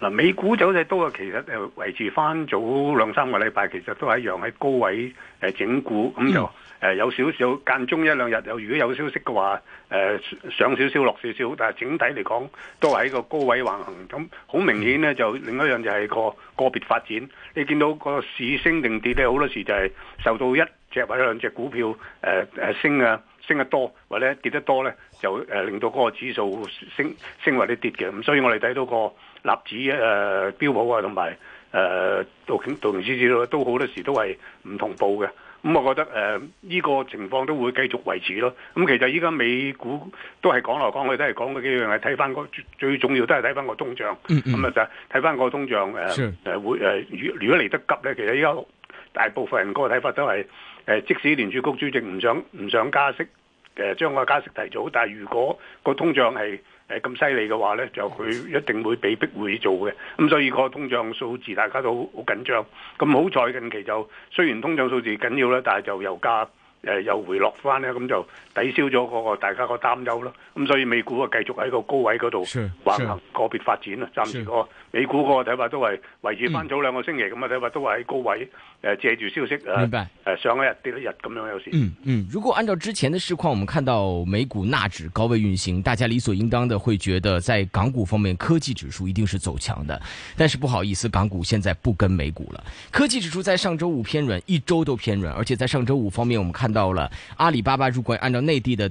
嗱，美股走勢多其實誒維持返翻早兩三個禮拜，其實都係一樣喺高位整固，咁就有少少間中一兩日，如果有消息嘅話，誒上少少落少少，但係整體嚟講都係喺個高位橫行，咁好明顯咧就另一樣就係個個別發展，你見到個市升定跌咧，好多時就係受到一隻或者兩隻股票升啊升得多，或者跌得多咧，就令到嗰個指數升升或者跌嘅，咁所以我哋睇到個。納指誒、呃、標普啊，同埋誒道瓊道瓊指數都好多時都係唔同步嘅，咁、嗯、我覺得誒呢、呃這個情況都會繼續維持咯。咁、嗯、其實依家美股都係講來講去都係講嗰幾樣，係睇翻個最重要都係睇翻個通脹，咁啊就係睇翻個通脹誒、呃 Sure. 呃、如果嚟得急咧，其實依家大部分人個睇法都係、呃、即使聯儲局主席唔想唔想加息，呃、將個加息提早，但係如果個通脹係誒咁犀利嘅話咧，就佢一定會被逼會做嘅，咁所以個通脹數字大家都好緊張。咁好在近期就雖然通脹數字緊要啦，但係就油價誒又回落翻咧，咁就抵消咗個大家個擔憂啦。咁所以美股啊繼續喺個高位嗰度橫行，個別發展啊，暫時、嗰個。美股嗰個睇法都係維持翻早兩個星期咁啊，睇法、嗯、都係喺高位誒、呃、借住消息誒、呃明白呃、上一日跌一日咁樣有時。嗯嗯，如果按照之前的市況，我們看到美股納指高位運行，大家理所應當的會覺得在港股方面科技指數一定是走強的，但是不好意思，港股現在不跟美股了，科技指數在上周五偏軟，一周都偏軟，而且在上周五方面，我們看到了阿里巴巴如果按照內地的。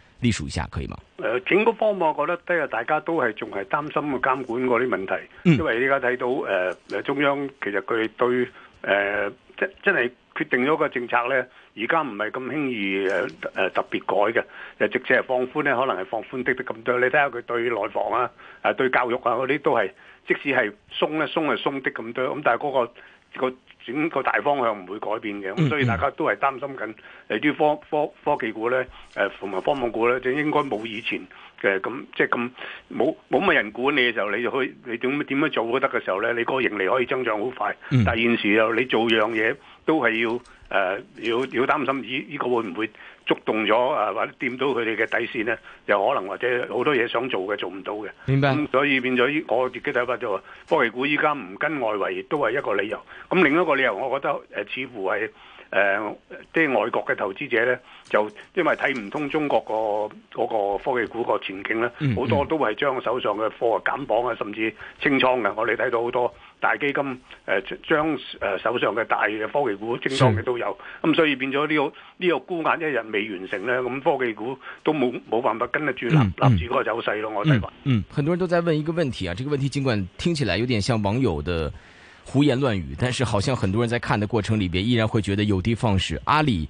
理數一下可以嗎？誒，整個方面我覺得都係大家都係仲係擔心個監管嗰啲問題，嗯、因為依家睇到誒誒、呃、中央其實佢對誒、呃，真真係決定咗個政策咧，而家唔係咁輕易誒誒、呃、特別改嘅，就直接係放寬咧，可能係放寬的的咁多，你睇下佢對內房啊，誒、啊，對教育啊嗰啲都係，即使係鬆咧，鬆係鬆的咁多，咁但係嗰個個。整個大方向唔會改變嘅，咁所以大家都係擔心緊誒啲科科科技股咧，誒同埋科網股咧，就應該冇以前嘅咁、嗯、即係咁冇冇乜人管你嘅時候，你就可以你點點樣做都得嘅時候咧，你個盈利可以增長好快。但係現時又你做一樣嘢都係要誒、呃、要要擔心呢呢個會唔會觸動咗啊，或者掂到佢哋嘅底線咧，又可能或者好多嘢想做嘅做唔到嘅。明白、嗯。所以變咗，我自己睇法就話，科技股依家唔跟外圍亦都係一個理由。咁另一個理由，我覺得誒、呃、似乎係即係外國嘅投資者咧，就因為睇唔通中國、嗰個科技股個前景咧，好、嗯嗯、多都係將手上嘅貨減磅啊，甚至清倉嘅。我哋睇到好多。大基金誒、呃、將、呃、手上嘅大嘅科技股精裝嘅都有，咁是、嗯、所以變咗呢、這個呢、這個沽壓一日未完成呢，咁科技股都冇冇辦法跟得住立立住個走勢咯，我睇法，嗯嗯。嗯，很多人都在問一個問題啊，這個問題儘管聽起來有點像網友的胡言亂語，但是好像很多人在看的過程裏邊依然會覺得有的放矢。阿里，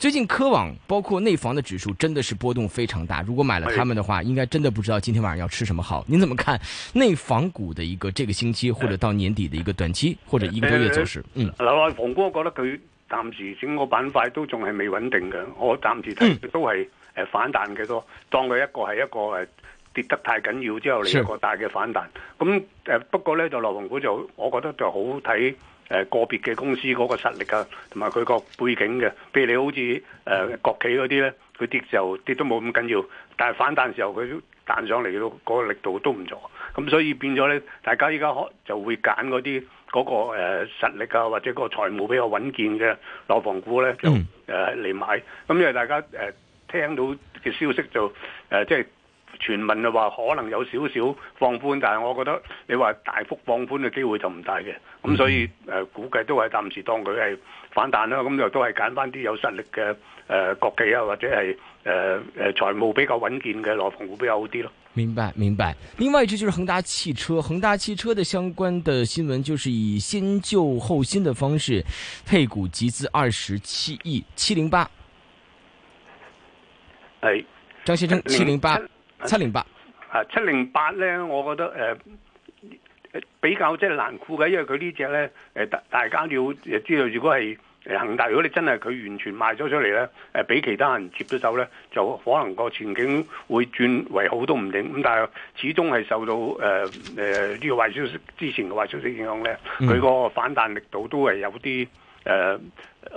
最近科網包括內房的指數真的是波動非常大，如果買了他們的話，應該真的不知道今天晚上要吃什麼好。你怎麼看內房股的一個這個星期或者到年底的一個短期或者一個多月走勢？呃、嗯，樓內房股覺得佢暫時整個板塊都仲係未穩定嘅，我暫時睇都係誒反彈嘅多，當佢一個係一個誒跌得太緊要之後嚟一個大嘅反彈。咁、嗯、誒不過咧就樓房股就我覺得就好睇。誒個別嘅公司嗰個實力啊，同埋佢個背景嘅，譬如你好似誒、呃、國企嗰啲咧，佢跌就跌都冇咁緊要，但係反彈時候佢彈上嚟到嗰個力度都唔錯，咁所以變咗咧，大家依家就會揀嗰啲嗰個、呃、實力啊，或者個財務比較穩健嘅內房股咧，就嚟、呃、買，咁、嗯、因為大家、呃、聽到嘅消息就、呃、即係。傳聞就話可能有少少放寬，但係我覺得你話大幅放寬嘅機會就唔大嘅，咁所以誒、嗯呃、估計都係暫時當佢係反彈啦，咁、嗯、又都係揀翻啲有實力嘅誒、呃、國企啊，或者係誒誒財務比較穩健嘅內房股比較好啲咯。明白，明白。另外一支就是恒大汽車，恒大汽車的相關的新聞就是以先舊後新的方式配股集資二十七億七零八。係，哎、張先生七零八。年七零八啊，七零八咧，我覺得誒、呃、比較即係難估嘅，因為佢呢隻咧誒大，大家要知道，如果係恒大，如果你真係佢完全賣咗出嚟咧，誒、呃、俾其他人接咗走咧，就可能個前景會轉為好都唔定。咁但係始終係受到誒誒呢個壞消息之前嘅壞消息影響咧，佢個反彈力度都係有啲。誒、呃，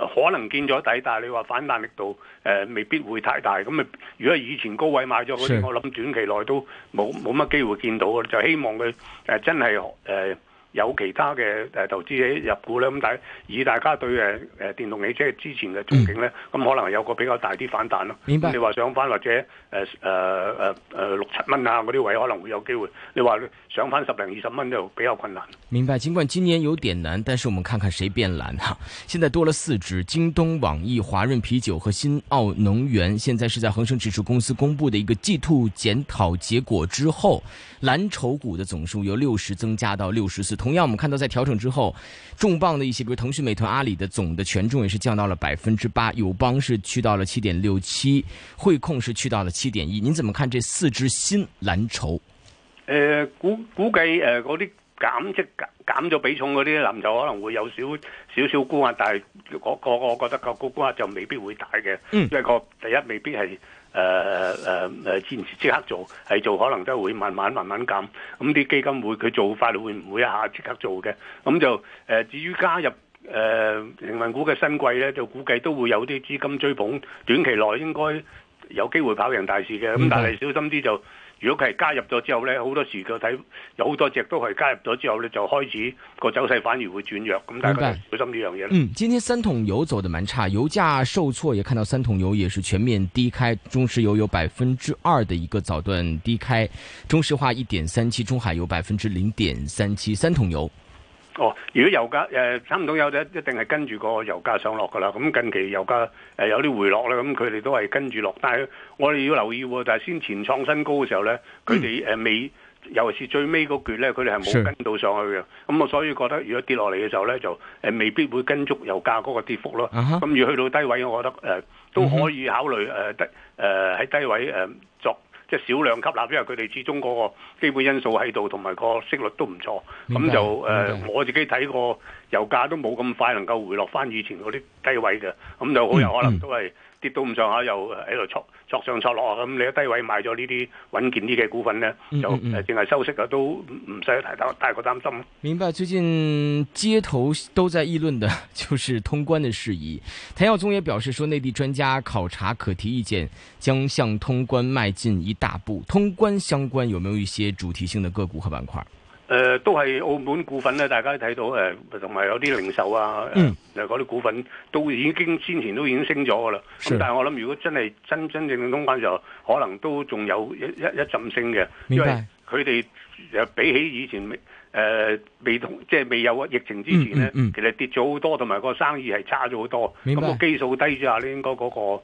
可能見咗底，但係你話反彈力度，誒、呃、未必會太大。咁咪如果係以前高位買咗嗰啲，是我諗短期內都冇冇乜機會見到嘅，就希望佢誒、呃、真係誒。呃有其他嘅誒投資者入股呢？咁但係以大家對誒誒電動汽車之前嘅憧憬呢，咁、嗯、可能有個比較大啲反彈咯、啊。明白。你話上返或者誒誒誒誒六七蚊啊嗰啲位可能會有機會。你話上返十零二十蚊就比較困難。明白，盡管今年有點難，但是我們看看誰變藍哈、啊。現在多了四隻，京東、網易、華潤啤酒和新奧能源。現在是在恒生指數公，公司公布嘅一個季度檢討結果之後。藍籌股的總數由六十增加到六十四。同樣，我們看到在調整之後，重磅的一些，比如騰訊、美團、阿里的總的權重也是降到了百分之八。友邦是去到了七點六七，匯控是去到了七點一。你怎麼看這四隻新藍籌？呃、估估計嗰啲，呃、減減減咗比重嗰啲，嗱就可能會有少少少沽壓，但係嗰個我覺得個沽沽壓就未必會大嘅。嗯，因為個第一未必係。誒誒誒誒，堅持即刻做係做，做可能都係會慢慢慢慢減。咁啲基金會佢做法會唔會一下即刻做嘅。咁就誒、呃、至於加入誒成份股嘅新貴呢，就估計都會有啲資金追捧，短期內應該有機會跑贏大市嘅。咁但係小心啲就。嗯如果佢係加入咗之後呢，好多時佢睇有好多隻都係加入咗之後呢，就開始個走勢反而會轉弱咁，大家小心呢樣嘢啦。嗯，今天三桶油走得蠻差，油價受挫，也看到三桶油也是全面低開，中石油有百分之二的一個早段低開，中石化一點三七，中海油百分之零點三七，三桶油。哦，如果油價誒、呃、差唔多有就一定係跟住個油價上落嘅啦。咁、嗯、近期油價誒、呃、有啲回落咧，咁佢哋都係跟住落。但係我哋要留意喎，就係先前創新高嘅時候咧，佢哋誒未，尤其是最尾嗰段咧，佢哋係冇跟到上去嘅。咁我是、嗯、所以覺得如果跌落嚟嘅時候咧，就誒、呃、未必會跟足油價嗰個跌幅咯。咁如、uh huh. 去到低位，我覺得誒、呃、都可以考慮誒低誒喺低位誒。呃即係少量吸納，因為佢哋始終嗰個基本因素喺度，同埋個息率都唔錯，咁明白就誒明白、呃、我自己睇個油價都冇咁快能夠回落返以前嗰啲低位嘅，咁就好有可能都係。嗯嗯跌到咁上下，又觸上觸下又喺度戳上戳落咁，你喺低位買咗呢啲穩健啲嘅股份呢，就淨係收息啊，都唔使太大個擔心。明白，最近街頭都在議論的，就是通關的事宜。譚耀宗也表示，說，內地專家考察可提意見，將向通關邁進一大步。通關相關有沒有一些主題性的個股和板塊？誒、呃、都係澳門股份咧，大家都睇到誒，同、呃、埋有啲零售啊，誒嗰啲股份都已經先前都已經升咗噶啦。咁是但係我諗，如果真係真真正正通關嘅時候可能都仲有一一一,一陣升嘅，因為佢哋誒比起以前誒、呃、未同即係未有疫情之前咧，嗯嗯嗯、其實跌咗好多，同埋個生意係差咗好多。咁白個基數低咗下咧，應該嗰、嗰個。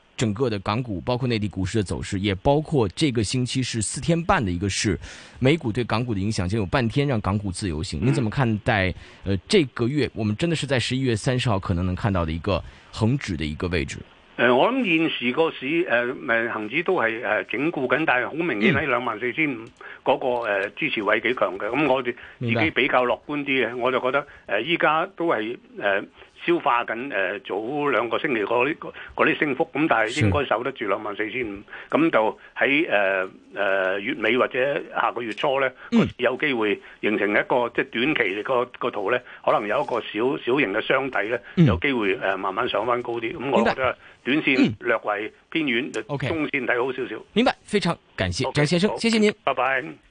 整個的港股包括內地股市的走勢，也包括這個星期是四天半的一個市，美股對港股的影響，就有半天讓港股自由行。你怎麼看待？呃，這個月我們真的是在十一月三十號可能能看到的一個恒指的一個位置。呃、我諗現時個市誒、呃，恒指都係誒、呃、整固緊，但係好明顯喺兩萬四千五嗰個誒、呃、支持位幾強嘅。咁、嗯、我哋自己比較樂觀啲嘅，白我就覺得誒，依、呃、家都係誒。呃消化緊、呃、早兩個星期嗰啲啲升幅，咁但係應該守得住兩萬四千五，咁就喺、呃呃、月尾或者下個月初咧，嗯、有機會形成一個即係短期個、這個圖咧，可能有一個小小型嘅箱底咧，嗯、有機會、呃、慢慢上翻高啲。咁白我覺得短線略為偏遠，嗯、中線睇好少少。明白，非常感謝張 Okay, 先生，好謝謝你拜拜。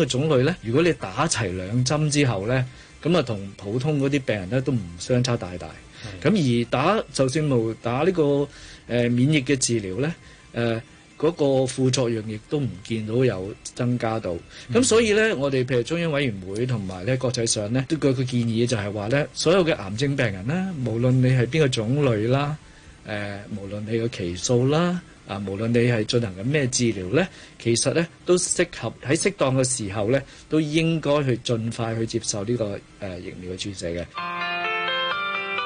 個種類咧，如果你打齊兩針之後咧，咁啊同普通嗰啲病人咧都唔相差大大。咁的而打就算冇打呢、這個誒、呃、免疫嘅治療咧，誒、呃、嗰、那個副作用亦都唔見到有增加到。咁、嗯、所以咧，我哋譬如中央委員會同埋咧國際上咧，都據佢建議就係話咧，所有嘅癌症病人咧，無論你係邊個種類啦，誒、呃、無論你嘅期數啦。啊，無論你係進行緊咩治療咧，其實咧都適合喺適當嘅時候咧，都應該去盡快去接受呢、這個、啊、疫苗嘅注射嘅。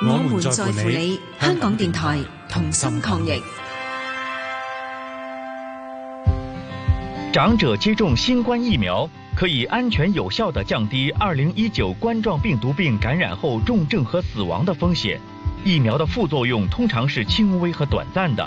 我們在乎你，香港電台同心抗疫。長者接種新冠疫苗可以安全有效地降低二零一九冠狀病毒病感染後重症和死亡的風險。疫苗的副作用通常是輕微和短暫的。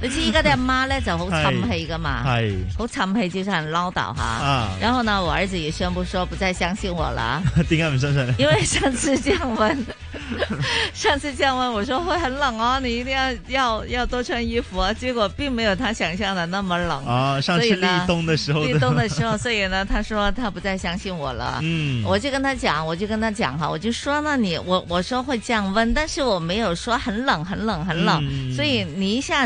你知 而家啲阿媽呢就好長氣㗎嘛，係好長氣就是很嘮叨哈、啊、然後呢，我兒子也宣布說不再相信我了，點解唔相信？因為上次降溫， 上次降溫，我說會很冷哦，你一定要要要多穿衣服、啊。結果並沒有他想象的那麼冷啊。所以呢，立冬的時候的，立冬的時候，所以呢，他說他不再相信我了。嗯，我就跟他講，我就跟他講哈，我就說呢：，那你我我說會降溫，但是我沒有說很冷、很冷、很冷。嗯、所以你一下。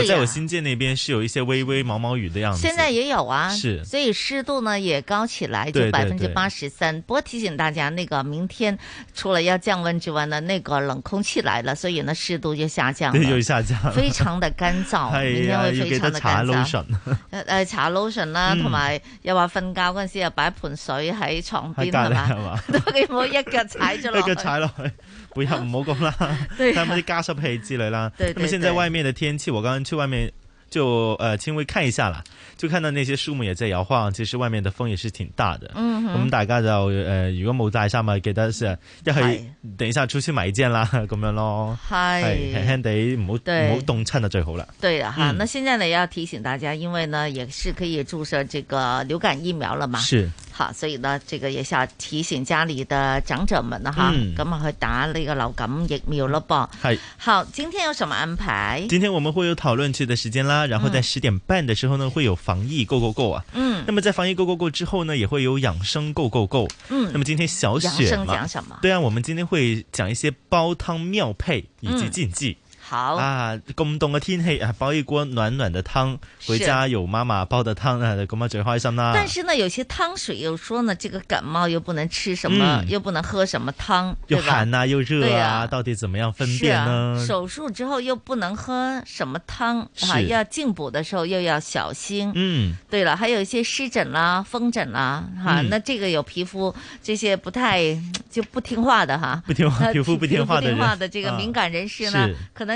我在我新界那邊是有一些微微毛毛雨的樣子，現在也有啊，是，所以濕度呢也高起來，就百分之八十三。對對對，不過提醒大家，那個明天除了要降溫之外呢，那個冷空氣來了，所以呢濕度就下降了，就下降，非常的乾燥，哎、呀明天會非常的乾燥。呃、哎哎，搽 lotion 啦、啊，同埋又話瞓覺嗰陣時又擺盆水喺床邊係嘛，係嘛， 都唔好一腳踩咗落去。 不要唔好講啦，對啊、他們啲加濕器之類啦。對對對。那麼現在外面的天氣，我剛剛去外面就呃輕微看一下了，就看到那些樹木也在搖晃，其實外面的風也是挺大的。嗯哼。咁大家就呃如果冇帶衫嘛，記得是一係、哎、等一下出去買一件啦，咁樣咯。係、哎。係、哎。輕輕地唔好唔好凍親就最好啦。對啊，哈。嗯、那現在呢要提醒大家，因為呢也是可以注射這個流感疫苗了嘛。是。好，所以呢，這個也想提醒家裏的長者們的哈，咁啊去打呢個流感疫苗咯，啵、嗯。好，今天有什麼安排？今天我們會有討論區的時間啦，然後在十點半的時候呢，嗯、會有防疫 go go go 啊。嗯。那麼在防疫 go go go 之後呢，也會有養生 go go go。嗯。那麼今天小雪。養生講什麼？對啊，我們今天會講一些煲湯妙配以及禁忌。嗯好啊！咁凍嘅天氣啊，煲一鍋暖暖的湯，回家有媽媽煲的湯啊，咁啊最開心啦。但是呢，有些湯水又說呢，這個感冒又不能吃什麼，又不能喝什麼湯，對吧？又寒呐，又熱啊，到底怎麼樣分辨呢？手術之後又不能喝什麼湯，哈，要進補的時候又要小心。嗯，對了，還有一些濕疹啦、風疹啦，哈，那這個有皮膚這些不太就不聽話的哈，不聽話皮膚不聽話不聽話的這個敏感人士呢，可能。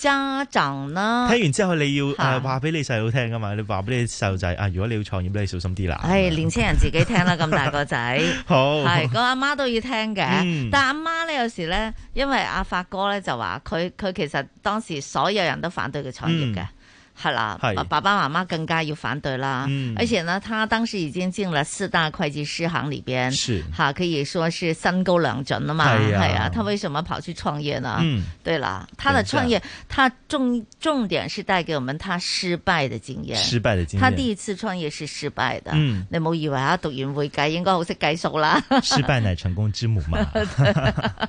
家長啦，睇完之後你要誒話俾你細佬聽噶嘛，你話俾你細路仔啊，如果你要創業咧，你小心啲啦。係唉吧年青人自己聽啦，咁 大個仔， 好係，個阿媽都要聽嘅。嗯、但係阿媽咧有時咧，因為阿、啊、發哥咧就話佢佢其實當時所有人都反對佢創業嘅。嗯係啦，爸爸媽媽更加要反對啦。嗯、而且呢，他當時已經進了四大會計師行裏邊，哈是，可以說是三高兩層啦嘛。係啊、哎呀哎，他為什麼跑去創業呢？嗯、對啦，他的創業，他重重點是帶給我們他失敗的經驗。失敗的經驗。他第一次創業是失敗的。嗯，你冇以為啊，讀完會計應該好識計數啦。 失敗乃成功之母嘛。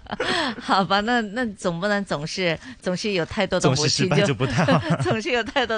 好吧，那那總不能總是總是有太多的母就，失敗就不太好。總是有太多。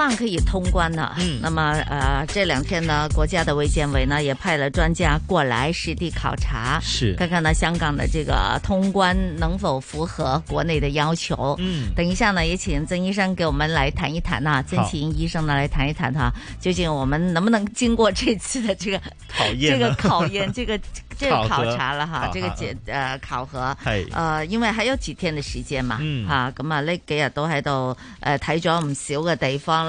希望可以通關的。嗯，那麼呃，這兩天呢，國家的衛健委呢也派了專家過來實地考察，是看看呢香港的這個通關能否符合國內的要求。嗯，等一下呢，也請曾醫生給我們來談一談吶，曾祈殷醫生呢來談一談哈，究竟我們能不能經過這次的這個考驗，這個考驗，這個這個考察了哈，這個檢呃考核。是。呃，因為還有幾天的時間嘛，嗯，哈，咁啊呢幾日都喺度呃睇咗唔少嘅地方。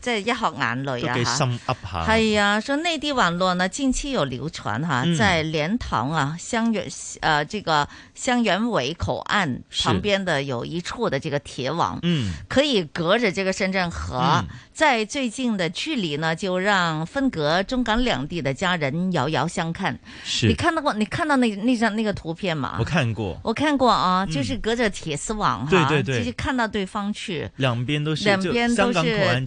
這一行眼淚啊！都幾心噏下。係啊，說內地網絡呢，近期有流傳哈，嗯、在蓮塘啊、香園呃，這個香園圍口岸旁邊的有一處的這個鐵網嗯是可以隔着這個深圳河，嗯、在最近的距離呢，就讓分隔中港兩地的家人遙遙相看。是你看到過，你看到那那張那個圖片嗎？我看過，我看過啊、哦，就是隔着鐵絲網，嗯，對對對，就是看到對方去，兩邊都是，邊兩邊都是香港口岸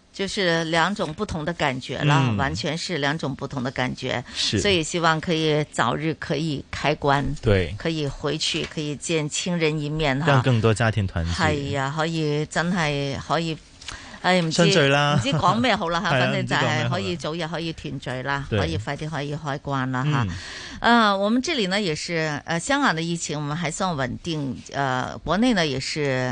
就是兩種不同的感覺啦，完全是兩種不同的感覺，所以希望可以早日可以開關，對，可以回去，可以見親人一面哈，讓更多家庭團聚。係呀，可以真係可以，哎唔知，唔知講咩好啦吓，反正就係可以早日可以團聚啦，可以快啲可以開關啦吓，嗯，我們這裏呢也是呃香港的疫情我們還算穩定，呃國內呢也是。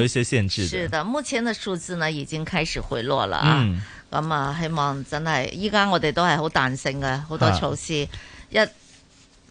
有一些限制，是的，目前的數字呢已經開始回落了啊。咁啊、嗯，希望真係依家我哋都係好彈性嘅，好多措施一。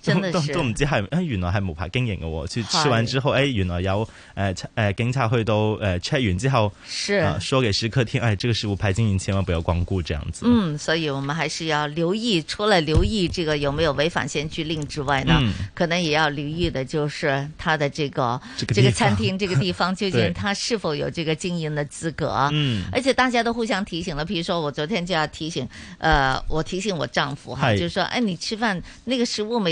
真的是都都唔知係，哎，原來係無牌經營嘅，去吃完之後，哎，原來有誒誒警察去到誒 check 完之後，呃、是說給食客聽，哎，這個食物牌經營，千萬不要光顧，這樣子。嗯，所以我們還是要留意，除了留意這個有沒有違反限聚令之外呢，嗯、可能也要留意的，就是它的這個這個，這個餐廳這個地方究竟它是否有這個經營的資格。嗯，而且大家都互相提醒了，譬如說我昨天就要提醒，呃，我提醒我丈夫哈，哎、就是說，哎，你吃飯那個食物沒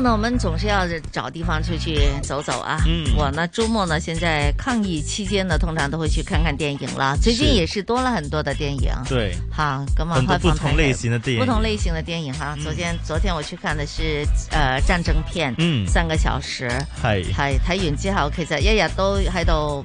那我們總是要找地方出去走走啊。嗯，我呢周末呢現在抗疫期間呢，通常都會去看看電影了。最近也是多了很多的電影。對，好，咁啊，不同類型的電影，不同類型的電影哈。昨天、嗯、昨天我去看的是呃戰爭片，嗯，三個小時，係係嘿，睇完之後其實一日都喺度。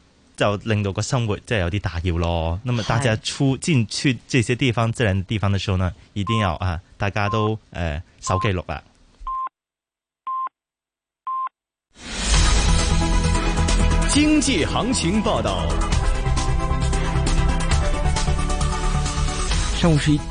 就令到個生活即係有啲打擾咯。咁啊，大家出是進去這些地方、自然地方的時候呢，一定要啊，大家都誒手、呃、記錄啦。經濟行情報道，上午十一。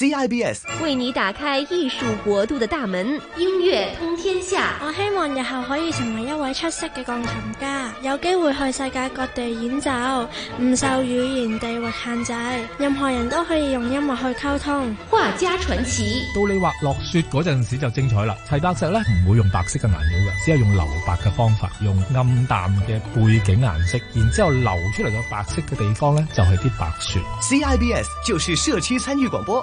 CIBS 為你打開藝術國度的大門，音樂通天下。我希望日後可以成為一位出色嘅鋼琴家，有機會去世界各地演奏，唔受語言地域限制，任何人都可以用音樂去溝通。哇，畫家傳奇，到你畫落雪嗰陣時就精彩啦。齊白石咧，唔會用白色嘅顏料嘅，只係用留白嘅方法，用暗淡嘅背景顏色，然之後流出嚟嘅白色嘅地方咧就係啲白雪。CIBS 就是社區參與廣播。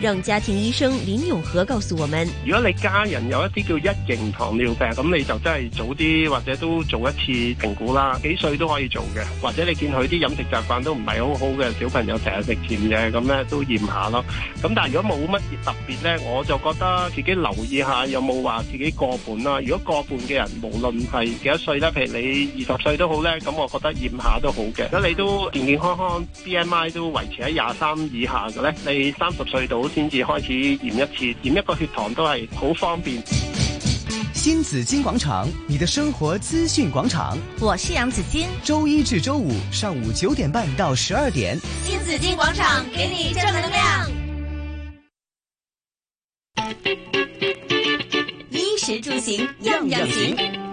讓家庭醫生林永和告訴我們：如果你家人有一啲叫一型糖尿病，咁你就真係早啲或者都做一次評估啦，幾歲都可以做嘅。或者你見佢啲飲食習慣都唔係好好嘅，小朋友成日食甜嘅，咁咧都驗下咯。咁但係如果冇乜特別咧，我就覺得自己留意下有冇話自己過半啦。如果過半嘅人無論係幾多歲咧，譬如你二十歲都好咧，咁我覺得驗下都好嘅。咁你都健健康康，BMI 都維持喺廿三以下嘅咧，你三十歲到。先至開始驗一次，驗一個血糖都係好方便。新紫荊廣場，你的生活資訊廣場，我是楊子矜。周一至周五上午九點半到十二點，新紫荊廣場給你正能量。衣食住行樣樣行。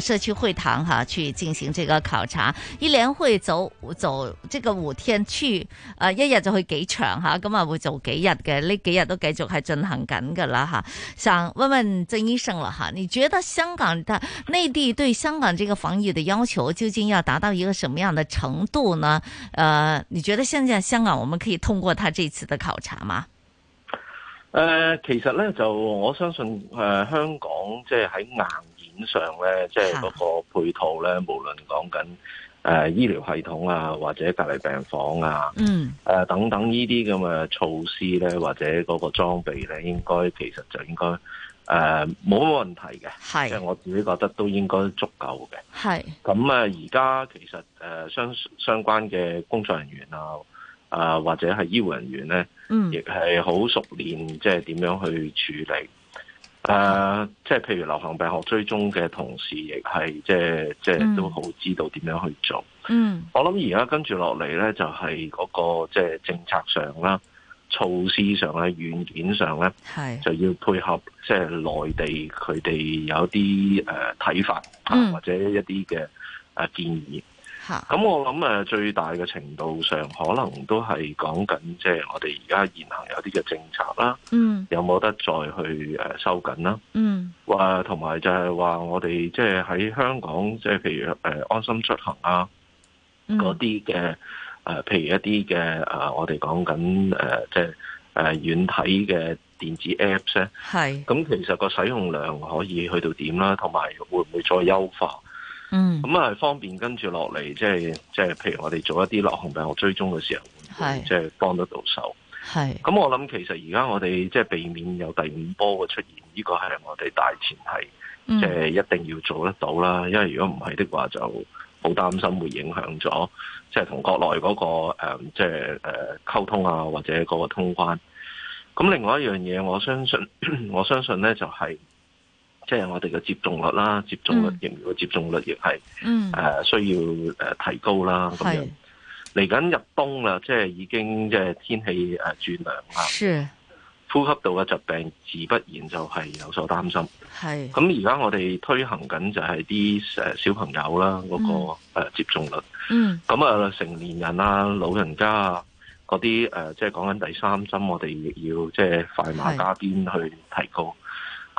社區會堂哈，去進行這個考察，一連會走走這個五天去，去誒一日就會，給場會幾場哈，咁啊會做幾日嘅呢幾日都繼續係進行緊噶啦哈。想問問曾醫生了哈，你覺得香港的內地對香港這個防疫的要求究竟要達到一個什麼樣的程度呢？呃你覺得現在香港我們可以通過他這次的考察嗎？呃其實呢就我相信誒、呃，香港即係喺硬。基本上咧，即係嗰個配套咧，的無論講緊誒醫療系統啊，或者隔離病房啊，誒、嗯呃、等等呢啲咁嘅措施咧，或者嗰個裝備咧，應該其實就應該誒冇乜問題嘅，即係的我自己覺得都應該足夠嘅。係咁的啊！而家其實誒、呃、相相關嘅工作人員啊，啊、呃、或者係醫護人員咧，亦係好熟練，即係點樣去處理。誒、呃，即係譬如流行病學追蹤嘅同事也是，亦係即係即係都好知道點樣去做。嗯，我諗而家跟住落嚟咧，就係嗰個即係政策上啦、措施上咧、軟件上咧，係是就要配合即係內地佢哋有啲誒睇法啊，嗯、或者一啲嘅誒建議。咁我諗誒，最大嘅程度上，可能都係講緊即係我哋而家現行有啲嘅政策啦，嗯，有冇得再去誒收緊啦，嗯，話同埋就係話我哋即係喺香港，即係譬如誒安心出行啊，嗰啲嘅誒，譬如一啲嘅誒，我哋講緊誒，即係誒軟體嘅電子 apps 咧是，係，咁其實個使用量可以去到點啦，同埋會唔會再優化？嗯，咁啊，係方便跟住落嚟，即係即係，譬如我哋做一啲流行病學追蹤嘅時候，即係幫得到手。係是，咁我諗其實而家我哋即係避免有第五波嘅出現，呢、這個係我哋大前提，即係一定要做得到啦。嗯、因為如果唔係的話就好擔心會影響咗，即係同國內嗰個誒即係誒溝通啊，或者嗰個通關。咁另外一樣嘢，我相信我相信咧、就是，就係。即係我哋嘅接種率啦，接種率疫苗嘅接種率亦係誒需要誒提高啦。咁、嗯、樣嚟緊是入冬啦，即係已經即係天氣誒轉涼啦。是呼吸道嘅疾病自不然就係有所擔心。係是。咁而家我哋推行緊就係啲誒小朋友啦，嗰個誒接種率。嗯。咁、嗯、啊，成年人啊，老人家啊，嗰啲誒，即係講緊第三針，我哋亦要即係快馬加鞭去提高。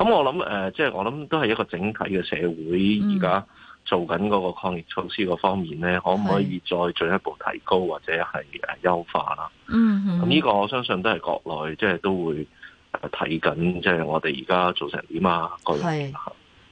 咁我諗誒，即係我諗都係一個整體嘅社會而家做緊嗰個抗疫措施個方面咧，嗯、可唔可以再進一步提高或者係誒優化啦、嗯？嗯，咁呢個我相信都係國內即係都會誒睇緊，即、就、係、是、我哋而家做成點啊？係。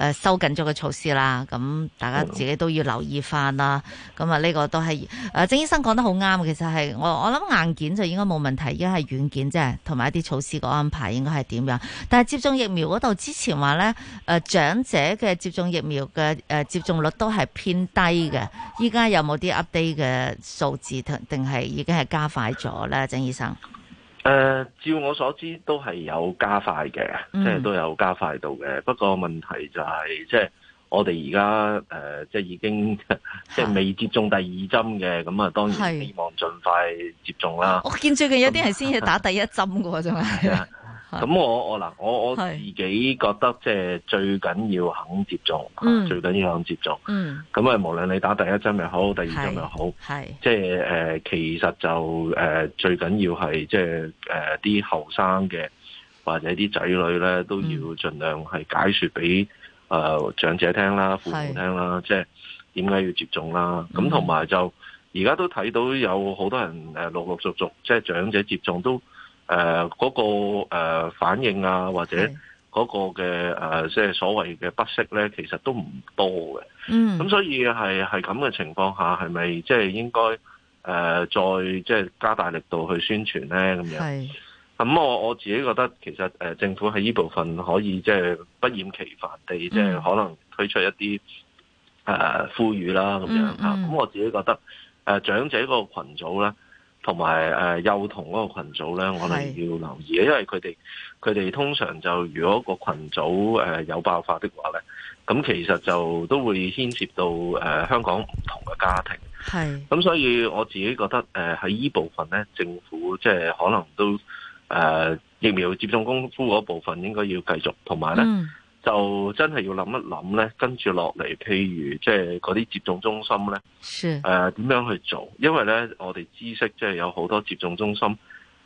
誒收緊咗嘅措施啦，咁大家自己都要留意翻啦。咁啊，呢個都係誒、呃，鄭醫生講得好啱。其實係我我諗硬件就應該冇問題，依家係軟件啫，同埋一啲措施個安排應該係點樣？但係接種疫苗嗰度之前話咧誒，長者嘅接種疫苗嘅、呃、接種率都係偏低嘅。依家有冇啲 update 嘅數字，定係已經係加快咗咧？鄭醫生。誒、呃，照我所知都係有加快嘅，即係都有加快到嘅。嗯、不過問題就係、是，即係我哋而家誒，即係已經即係未接種第二針嘅，咁啊，當然希望盡快接種啦是、嗯。我見最近有啲係先至打第一針噶咋嘛。咁我我嗱，我我自己覺得即係最緊要肯接種，是最緊要肯接種。咁啊、嗯，無論你打第一針又好，第二針又好，即係、就係呃、其實就、呃、最緊要係即係啲後生嘅或者啲仔女咧，都要盡量係解說俾誒、嗯呃、長者聽啦、父母聽啦，即係點解要接種啦。咁同埋就而家都睇到有好多人誒陸陸續續，即、就、係、係、長者接種都。誒嗰個、呃那個、呃、反應啊，或者嗰個嘅誒即係所謂嘅不適咧，其實都唔多嘅。嗯，咁所以係係咁嘅情況下，係咪即係應該誒、呃、再即係加大力度去宣傳咧？咁樣咁是我我自己覺得其實、呃、政府喺呢部分可以即係、就是、不厭其煩地即係、嗯、可能推出一啲誒、呃、呼籲啦咁樣咁、嗯嗯、我自己覺得誒、呃、長者個群組咧。同埋誒幼童嗰個群組咧，我哋要留意，是因為佢哋佢哋通常就如果個群組、呃、有爆發的話咧，咁其實就都會牽涉到誒、呃、香港唔同嘅家庭。咁是所以我自己覺得誒喺依部分咧，政府即係可能都誒、呃、疫苗接種功夫嗰部分應該要繼續，同埋咧。嗯就真係要諗一諗咧，跟住落嚟，譬如即係嗰啲接種中心咧，誒是，點、呃、樣去做？因為咧，我哋知識即係、即係、有好多接種中心，誒、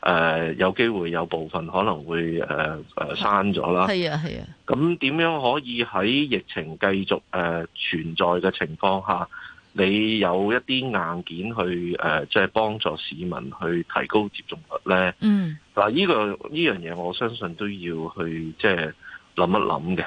呃，有機會有部分可能會誒誒閂咗啦。係啊係啊。咁點、啊、樣可以喺疫情繼續誒、呃、存在嘅情況下，你有一啲硬件去誒，即係幫助市民去提高接種率咧？嗯。嗱、呢個，呢、呢個呢樣嘢，我相信都要去即係。即係諗一諗嘅，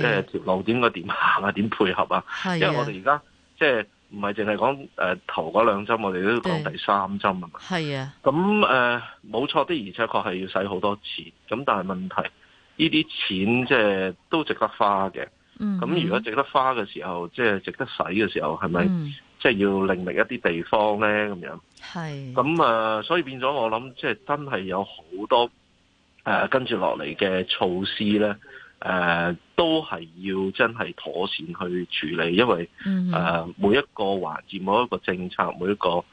即係條路點嗰點行啊，點、呃啊啊、配合啊，啊因為我哋而家即係唔係淨係講誒頭嗰兩針，我哋都講第三針啊嘛。係啊，咁誒冇錯，的而且確係要使好多錢。咁但係問題，呢啲錢即係都值得花嘅。咁、嗯、哼如果值得花嘅時候，即係值得使嘅時候，係咪、嗯、即係要另覓一啲地方咧？咁樣。係是。咁啊、呃，所以變咗我諗，即係真係有好多誒、呃、跟住落嚟嘅措施咧。誒，都係要真係妥善去處理，因為誒每一個環節、每一個政策、每一個誒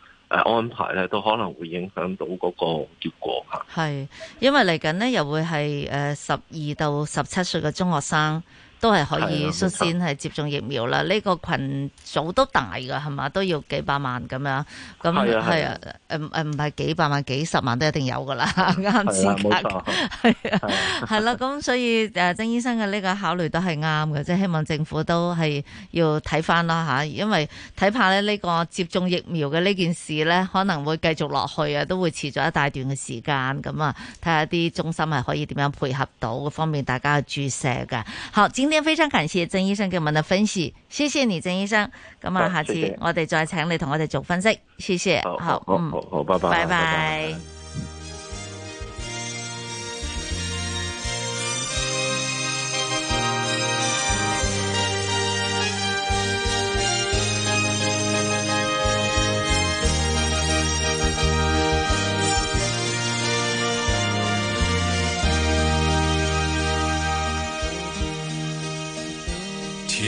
安排咧，都可能會影響到嗰個結果吓。係，因為嚟緊呢又會係誒十二到十七歲嘅中學生。都係可以率先係接種疫苗啦，呢個群組都大噶係嘛？都要幾百萬咁樣，咁係啊，誒誒唔係幾百萬幾十萬都一定有噶啦，啱唔啱先？冇錯，係啊，係啦，咁所以誒曾醫生嘅呢個考慮都係啱嘅，即係希望政府都係要睇翻啦吓，因為睇怕咧呢個接種疫苗嘅呢件事咧可能會繼續落去啊，都會持續一大段嘅時間，咁啊，睇下啲中心係可以點樣配合到，方便大家注射嘅，好，今天非常感謝曾醫生給我們的分析，謝謝你曾醫生。咁啊，下次我哋再請你同我哋做分析，好謝謝。好，嗯好好，好，拜拜，拜拜。拜拜。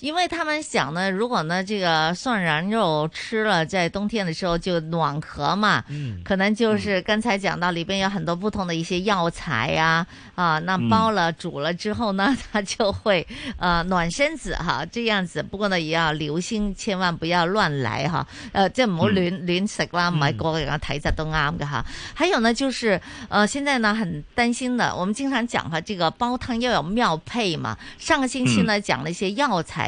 因為他們想呢，如果呢這個涮羊肉吃了，在冬天的時候就暖和嘛，嗯、可能就是剛才講到裏邊有很多不同的一些藥材呀、啊，啊，那煲了煮了之後呢，嗯、它就會呃暖身子哈，這樣子。不過呢也要留心，千萬不要亂來哈，呃，即唔好亂亂食啦，唔係個人嘅體質都啱嘅哈。還有呢就是呃現在呢很擔心的，我們經常講哈，這個煲湯要有妙配嘛。上個星期呢講了一些藥材。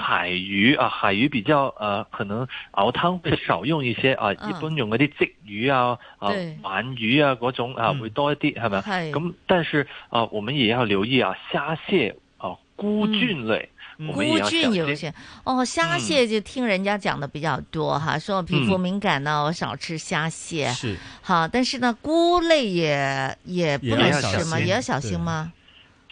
海魚啊，海魚比較呃，可能熬湯會少用一些、嗯、啊，一般用嗰啲鯽魚啊、嗯、啊鰻魚啊嗰、啊、種啊會多一啲，嗯、係咪？咁、嗯，但是啊、呃，我們也要留意啊，蝦蟹啊、呃，菇菌類，菇菌有些哦，蝦蟹就聽人家講的比較多、嗯、哈，說我皮膚敏感呢，嗯、我少吃蝦蟹。是，好，但是呢，菇類也也不能吃嗎？也要小心嗎？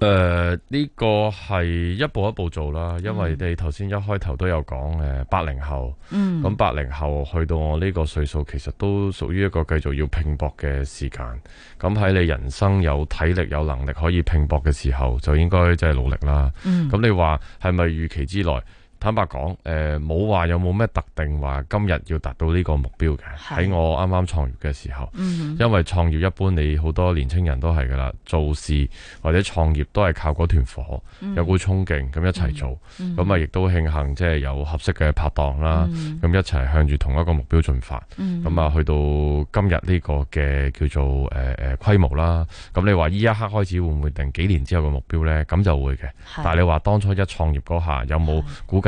誒，呢個係一步一步做啦，因為你頭先一開頭都有講誒，嗯、八零後，咁八零後去到我呢個歲數，其實都屬於一個繼續要拼搏嘅時間。咁喺你人生有體力、有能力可以拼搏嘅時候，就應該即係努力啦。咁、嗯、你話係咪預期之內？坦白講，誒、呃，冇話有冇咩特定話今日要達到呢個目標嘅。喺是我啱啱創業嘅時候，嗯、哼因為創業一般你好多年輕人都係噶啦，做事或者創業都係靠嗰團火，嗯、有股衝勁咁一齊做，咁啊亦都慶幸即係、就是、有合適嘅拍檔啦，咁、嗯、一齊向住同一個目標進發，咁啊、嗯、去到今日呢個嘅叫做誒誒、呃、規模啦。咁你話依一刻開始會唔會定幾年之後嘅目標咧？咁就會嘅。是但係你話當初一創業嗰下有冇估計？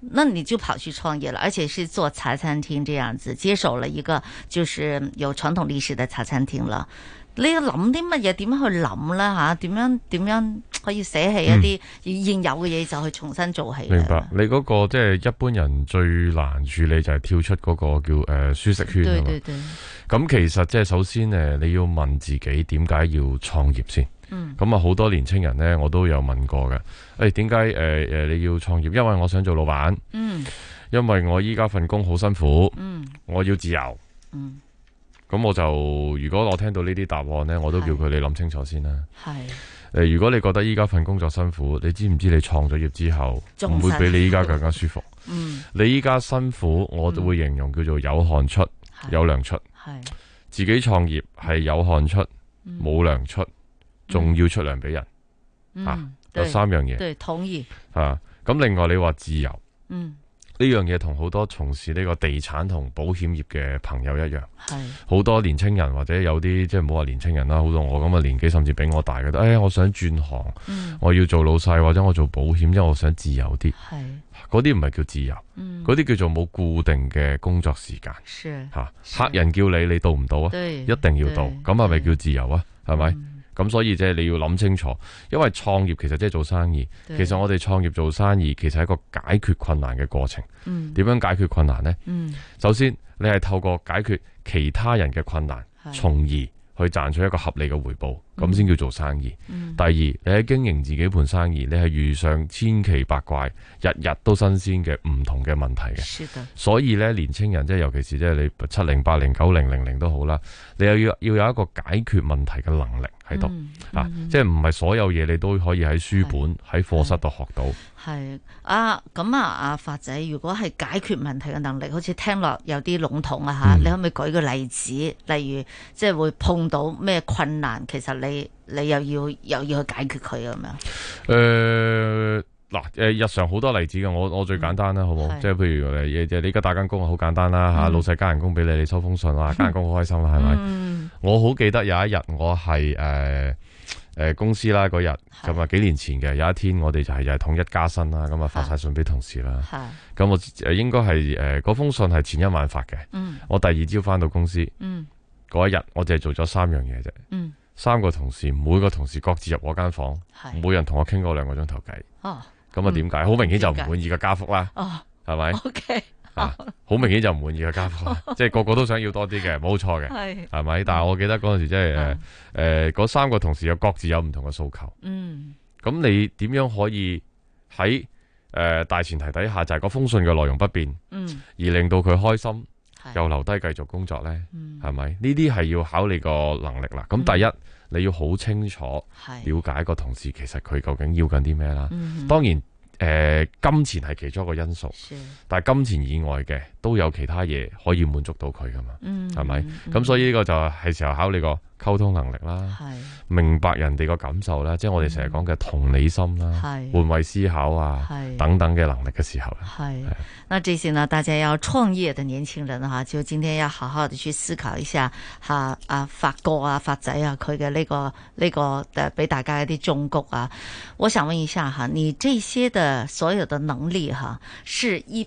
那你就跑去創業了，而且是做茶餐廳這樣子，接手了一個就是有傳統歷史的茶餐廳了。你要諗啲乜嘢？點樣去諗呢？吓、啊？點樣點樣可以寫起一啲現有嘅嘢就去重新做起，嗯？明白。你嗰、那個即係、就是、一般人最難處理就係跳出嗰個叫誒、呃、舒適圈，對對對，咁其實即係、就是、首先誒你要問自己點解要創業先。嗯，咁啊，好多年青人呢，我都有問過嘅。誒，點解誒誒你要創業？因為我想做老闆。嗯，因為我依家份工好辛苦。嗯，我要自由。嗯，咁我就如果我聽到呢啲答案呢，我都叫佢你諗清楚先啦。係如果你覺得依家份工作辛苦，你知唔知你創咗業之後唔會比你依家更加舒服？你依家辛苦，我都會形容叫做有汗出有糧出，自己創業係有汗出冇糧出。仲要出糧俾人，啊，有三樣嘢。對，同意啊，咁另外你話自由，嗯，呢樣嘢同好多從事呢個地產同保險業嘅朋友一樣，係好多年輕人或者有啲即係冇話年青人啦，好多我咁嘅年紀甚至比我大嘅，覺得，誒我想轉行，我要做老細或者我做保險，因為我想自由啲，係嗰啲唔係叫自由，嗰啲叫做冇固定嘅工作時間，吓客人叫你，你到唔到啊，對，一定要到，咁係咪叫自由啊，係咪？咁所以即係你要諗清楚，因為創業其實即係做生意，對其實我哋創業做生意其實係一個解決困難嘅過程。嗯、點樣解決困難呢？嗯，首先，你係透過解決其他人嘅困難，從而去賺取一個合理嘅回報。咁先叫做生意。嗯、第二，你喺經營自己盤生意，你係遇上千奇百怪、日日都新鮮嘅唔同嘅問題嘅。的所以咧，年青人即係尤其是即係你七零八零九零零零都好啦，你又要要有一個解決問題嘅能力喺度、嗯嗯、啊！即係唔係所有嘢你都可以喺書本喺課的室度學到。係啊，咁啊，阿發仔，如果係解決問題嘅能力，好似聽落有啲籠統啊吓，嗯、你可唔可以舉個例子？例如，即係會碰到咩困難？其實你。你，你又要又要去解決佢咁樣？誒、呃，嗱，誒，日常好多例子嘅。我我最簡單啦，好冇？即係是譬如你而家打緊工，好簡單啦吓。嗯、老細加人工俾你，你收封信啊，加人工好開心啦，係咪？我好記得有一日，我係誒誒公司啦，嗰日咁啊，是幾年前嘅。有一天我哋就係又係統一加薪啦，咁啊發晒信俾同事啦。咁、啊、我應該係誒嗰封信係前一晚發嘅。嗯、我第二朝返到公司，嗰一日我淨係做咗三樣嘢啫。嗯三個同事，每個同事各自入我間房，每人同我傾過兩個鐘頭偈。哦，咁啊點解？好明顯就唔滿意嘅加幅啦。哦，係咪？OK 啊，好明顯就唔滿意嘅加幅，即係個個都想要多啲嘅，冇錯嘅，係咪？但係我記得嗰陣時，即係誒誒，嗰三個同事又各自有唔同嘅訴求。嗯，咁你點樣可以喺誒大前提底下，就係嗰封信嘅內容不變，嗯，而令到佢開心？又留低繼續工作呢？係咪、嗯？呢啲係要考你個能力啦。咁第一，嗯嗯你要好清楚了解個同事其實佢究竟要緊啲咩啦。嗯、哼 當然，誒、呃、金錢係其中一個因素，是的但係金錢以外嘅。都有其他嘢可以滿足到佢噶嘛，嗯，係咪？咁、嗯、所以呢個就係時候考你個溝通能力啦，係、嗯、明白人哋個感受啦，嗯、即係我哋成日講嘅同理心啦，換、嗯、位思考啊，嗯、等等嘅能力嘅時候。係，那這些呢，大家要創業嘅年輕人吓、啊，就今天要好好地去思考一下、啊，哈啊發哥啊發仔啊，佢嘅呢個呢、那個誒，俾大家一啲忠告啊。我想問一下哈、啊，你這些的所有的能力哈、啊，是一。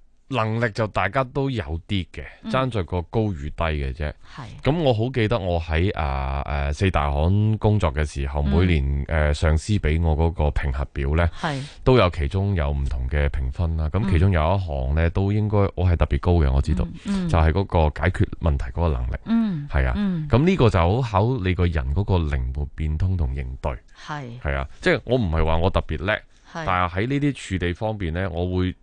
能力就大家都有啲嘅，爭在個高與低嘅啫。咁我好記得我喺啊誒四大行工作嘅時候，每年誒上司俾我嗰個評核表呢，都有其中有唔同嘅評分啦。咁其中有一行呢，都應該我係特別高嘅，我知道。就係嗰個解決問題嗰個能力。係啊。咁呢個就好考你個人嗰個靈活變通同應對。係，係啊，即係我唔係話我特別叻，但係喺呢啲處理方面呢，我會。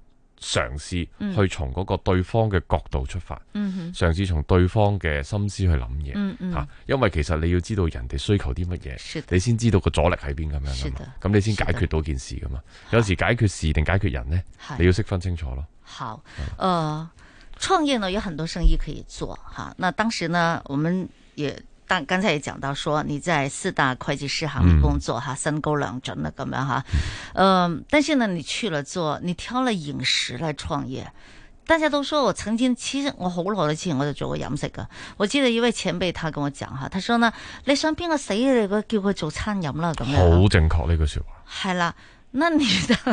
嘗試去從嗰個對方嘅角度出發，嘗試從對方嘅心思去諗嘢，吓、嗯嗯，因為其實你要知道人哋需求啲乜嘢，的你先知道個阻力喺邊咁樣，咁的你先解決到件事噶嘛。的有時解決事定好解決人呢，你要識分清楚咯。好，創吧、呃、業呢有很多生意可以做，當時呢，我們也。但剛才也講到說，你在四大會計師行工作哈，嗯、三溝兩轉咁樣哈，嗯，嗯但是呢，你去了做，你挑了飲食來創業，大家都說我曾經，其實我好耐之前我就做過飲食噶。我記得一位前輩他跟我講哈，他說呢，你想邊個死嚟個叫佢做餐飲啦，咁樣。好正確呢句說話。係啦。那你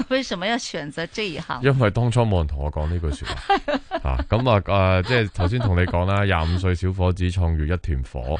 為什麼要選擇這一行？因為當初冇人同我講呢句說話吓，咁啊誒，即係頭先同你講啦，廿五歲小伙子創業一團火，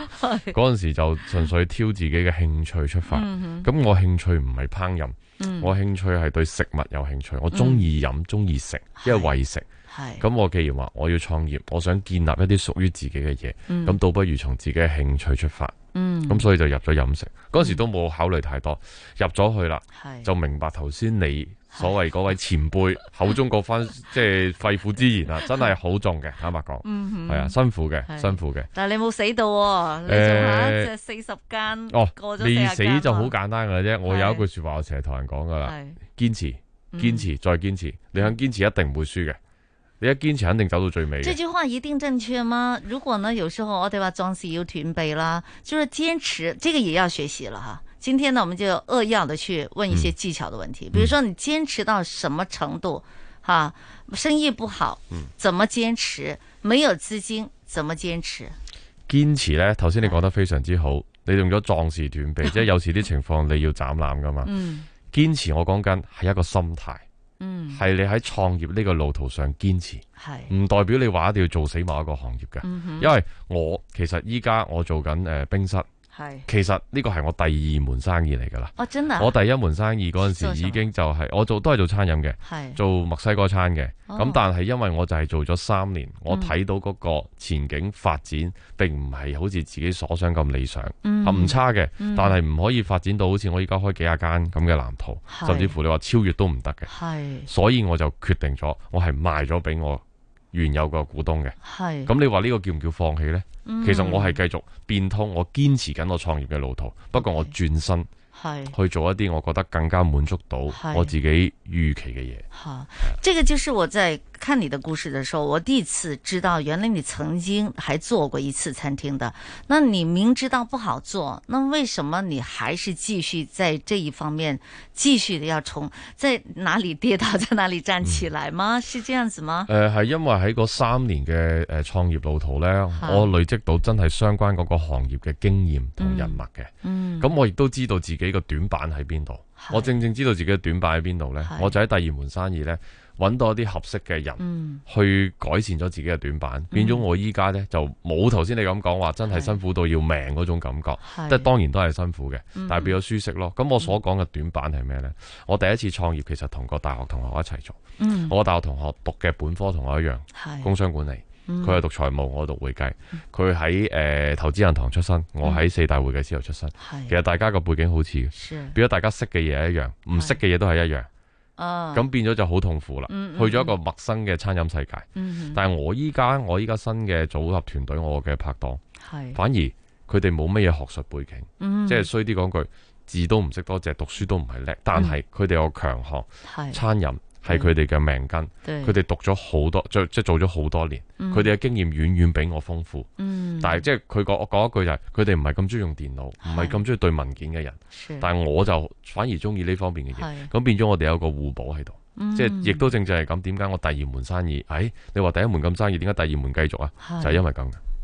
嗰陣 時就純粹挑自己嘅興趣出發。咁 我興趣唔係烹飪， 我興趣係對食物有興趣， 我中意飲，中意食，因為為食。 咁，我既然話我要創業，我想建立一啲屬於自己嘅嘢，咁倒不如從自己嘅興趣出發。咁所以就入咗飲食嗰陣時，都冇考慮太多，入咗去啦。就明白頭先你所謂嗰位前輩口中嗰番即係肺腑之言啊，真係好重嘅，坦白講係啊，辛苦嘅，辛苦嘅。但係你冇死到，你仲有一隻四十間哦，過咗四十間，未死就好簡單㗎啫。我有一句說話，我成日同人講噶啦，堅持，堅持，再堅持，你肯堅持一定唔會輸嘅。你一堅持，肯定走到最尾的。這句話一定正確嗎？如果呢，有時候我哋話壯士要斷臂啦，就是堅持，這個也要學習了哈，今天呢，我們就扼要的去問一些技巧的問題。嗯、比如說，你堅持到什麼程度？哈，生意不好，怎麼堅持？沒有資金，怎麼堅持？堅持呢，頭先你講得非常之好。你用咗壯士斷臂， 即係有時啲情況你要斬纜噶嘛。嗯，堅持，我講緊係一個心態。嗯，係你喺創業呢個路途上堅持，係唔是代表你話一定要做死某一個行業嘅。嗯、哼因為我其實依家我做緊誒冰室。是其實呢個係我第二門生意嚟噶啦。哦、我第一門生意嗰陣時候已經就係、是、我做都係做餐飲嘅，是做墨西哥餐嘅。咁、哦、但係因為我就係做咗三年，嗯、我睇到嗰個前景發展並唔係好似自己所想咁理想，唔、嗯、差嘅，嗯、但係唔可以發展到好似我依家開幾廿間咁嘅藍圖，是甚至乎你話超越都唔得嘅。是所以我就決定咗，我係賣咗俾我原有個股東嘅，咁係你話呢個叫唔叫放棄呢？嗯，其實我係繼續變通，我堅持緊我創業嘅路途，不過我轉身去做一啲我覺得更加滿足到我自己預期嘅嘢。嚇，呢個就是我在。看你的故事的時候，我第一次知道原來你曾經還做過一次餐廳的。那你明知道不好做，那為什麼你還是繼續在這一方面繼續的要從在哪裏跌倒在哪裏站起來嗎？嗯、是這樣子嗎？誒、呃，係因為喺嗰三年嘅誒、呃、創業路途咧，啊、我累積到真係相關嗰個行業嘅經驗同人脈嘅、嗯。嗯。咁我亦都知道自己個短板喺邊度。的我正正知道自己嘅短板喺邊度咧，的我就喺第二門生意咧，搵到一啲合適嘅人去改善咗自己嘅短板，變咗我依家咧就冇頭先你咁講話，真係辛苦到要命嗰種感覺。即係當然都係辛苦嘅，但係變咗舒適咯。咁我所講嘅短板係咩咧？我第一次創業其實同個大學同學一齊做，我大學同學讀嘅本科同我一樣，工商管理。佢係讀財務，我讀會計。佢喺誒投資銀行出身，我喺四大會計師度出身。其實大家個背景好似嘅，變咗大家識嘅嘢一樣，唔識嘅嘢都係一樣。咁、啊、變咗就好痛苦啦，嗯嗯、去咗一個陌生嘅餐飲世界。嗯、哼但係我依家我依家新嘅組合團隊，我嘅拍檔是反而佢哋冇乜嘢學術背景，即係衰啲講句字都唔識多隻，淨係讀書都唔係叻，但係佢哋有強項，嗯、餐飲飲。係佢哋嘅命根，佢哋對讀咗好多，即即做咗好多年，佢哋嘅經驗遠遠比我豐富。嗯、但係即係佢講講一句就係、是，佢哋唔係咁中意用電腦，唔係咁中意對文件嘅人。是的但係我就反而中意呢方面嘅嘢，咁是變咗我哋有個互補喺度，嗯、即係亦都正正係咁。點解我第二門生意？誒、哎，你話第一門咁生意，點解第二門繼續啊？是就係因為咁。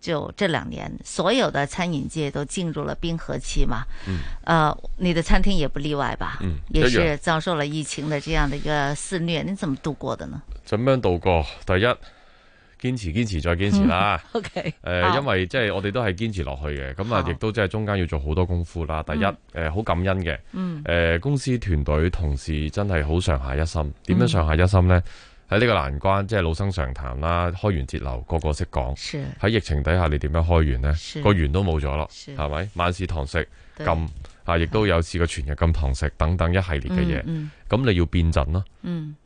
就這兩年，所有的餐飲界都進入了冰河期嘛。嗯。啊，你的餐廳也不例外吧？嗯。也是遭受了疫情的這樣的一個肆虐，你怎麼度過的呢？怎樣度過？第一，堅持，堅持，再堅持啦。OK。誒，因為即係我哋都係堅持落去嘅，咁啊，亦都即係中間要做好多功夫啦。第一，誒，好感恩嘅。嗯。誒，公司團隊同事真係好上下一心。點樣上下一心咧？喺呢個難關，即係老生常談啦，開源節流，個個識講。喺疫情底下，你點樣開源呢？個源都冇咗咯，係咪？晚市堂食禁嚇，亦都有試過全日禁堂食等等一系列嘅嘢。咁你要變陣咯。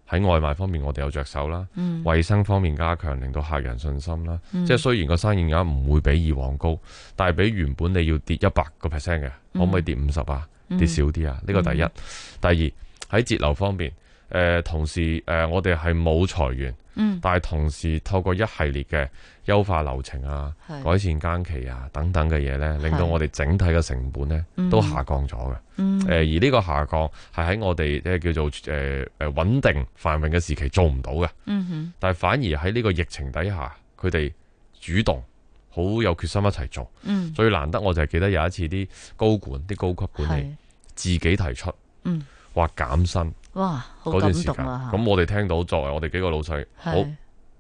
喺外賣方面，我哋有着手啦。衞生方面加強，令到客人信心啦。即係雖然個生意額唔會比以往高，但係比原本你要跌一百個 percent 嘅，可唔可以跌五十啊？跌少啲啊？呢個第一，第二喺節流方面。呃、同時、呃、我哋係冇裁員，嗯、但係同時透過一系列嘅優化流程啊、的改善間期啊等等嘅嘢咧，的令到我哋整體嘅成本咧、嗯、都下降咗嘅。嗯、而呢個下降係喺我哋即係叫做誒、呃、穩定繁榮嘅時期做唔到嘅，嗯、哼但係反而喺呢個疫情底下，佢哋主動好有決心一齊做，嗯、所以難得我就係記得有一次啲高管、啲高級管理自己提出話、嗯、減薪。哇，好感動嗰段時間，咁、啊、我哋聽到，作為我哋幾個老細，是好，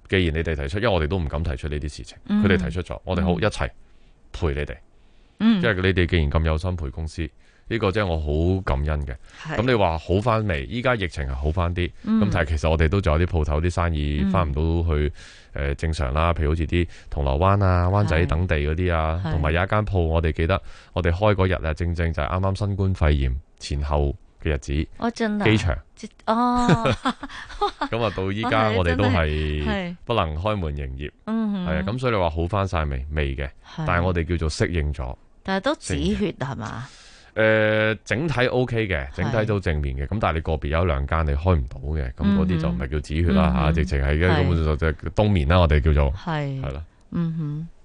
既然你哋提出，因為我哋都唔敢提出呢啲事情，佢哋、嗯、提出咗，我哋好、嗯、一齊陪你哋。嗯，因為你哋既然咁有心陪公司，呢、這個即係我好感恩嘅。咁是你話好翻未？依家疫情係好翻啲，咁、嗯、但係其實我哋都仲有啲鋪頭啲生意翻唔到去誒正常啦。譬、嗯、如好似啲銅鑼灣啊、灣仔等地嗰啲啊，同埋有，有一間鋪我哋記得，我哋開嗰日啊，正正就係啱啱新冠肺炎前後，嘅日子，機場哦，咁啊到依家我哋都係不能開門營業，係啊，咁所以你話好翻晒未未嘅？但係我哋叫做適應咗，但係都止血係嘛？誒，整體 OK 嘅，整體都正面嘅，咁但係你個別有一兩間你開唔到嘅，咁嗰啲就唔係叫止血啦吓，直情係嘅根本就就叫冬眠啦，我哋叫做係，係啦，嗯哼。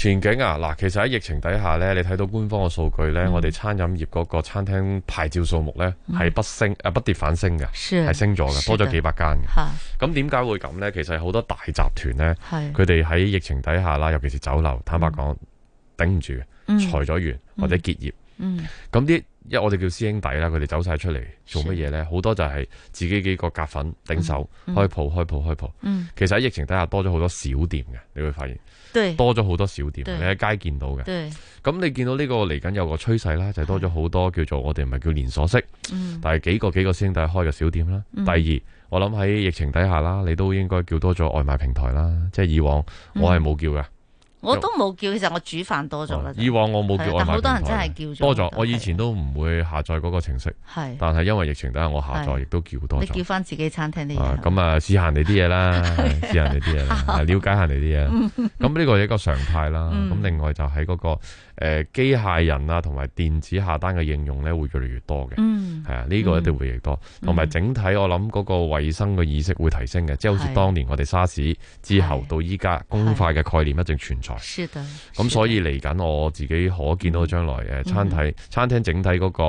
前景啊！嗱，其實喺疫情底下呢，你睇到官方嘅數據呢，嗯、我哋餐飲業嗰個餐廳牌照數目呢，係不升、嗯、啊，不跌反升嘅，係是升咗嘅，的多咗幾百間嘅。咁點解會咁呢？其實好多大集團呢，佢哋喺疫情底下啦，尤其是酒樓，坦白講頂唔住，裁咗員、嗯、或者結業。咁啲、嗯。嗯因為我哋叫師兄弟啦，佢哋走晒出嚟做乜嘢呢？好多就係自己幾個夾粉頂手開鋪、開鋪、開鋪。其實喺疫情底下多咗好多小店嘅，你會發現多咗好多小店，你喺街見到嘅。咁你見到呢個嚟緊有個趨勢啦，就多咗好多叫做我哋唔係叫連鎖式，但係幾個幾個師兄弟開個小店啦。第二，我諗喺疫情底下啦，你都應該叫多咗外賣平台啦。即係以往我係冇叫㗎。我都冇叫，其實我煮飯多咗啦。以往我冇叫，但係好多人真係叫咗。多咗。我以前都唔會下載嗰個程式，但係因為疫情，等下我下載亦都叫多咗。你叫翻自己餐廳啲嘢。咁啊，試下你啲嘢啦，試下你啲嘢啦，了解下你啲嘢。咁呢個一個常態啦。咁另外就喺嗰個。誒，機械人啊，同埋電子下單嘅應用咧，會越嚟越多嘅，係啊、嗯，呢、這個一定會越多。同埋、嗯、整體，我諗嗰個衛生嘅意識會提升嘅，即係好似當年我哋沙士之後的到依家，公筷嘅概念一定存在，咁所以嚟緊我自己可見到將來誒，嗯、餐體、嗯、餐廳整體嗰個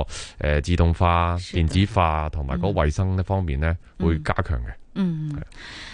誒自動化、的電子化，同埋嗰個衛生呢方面咧，會加強嘅、嗯。嗯。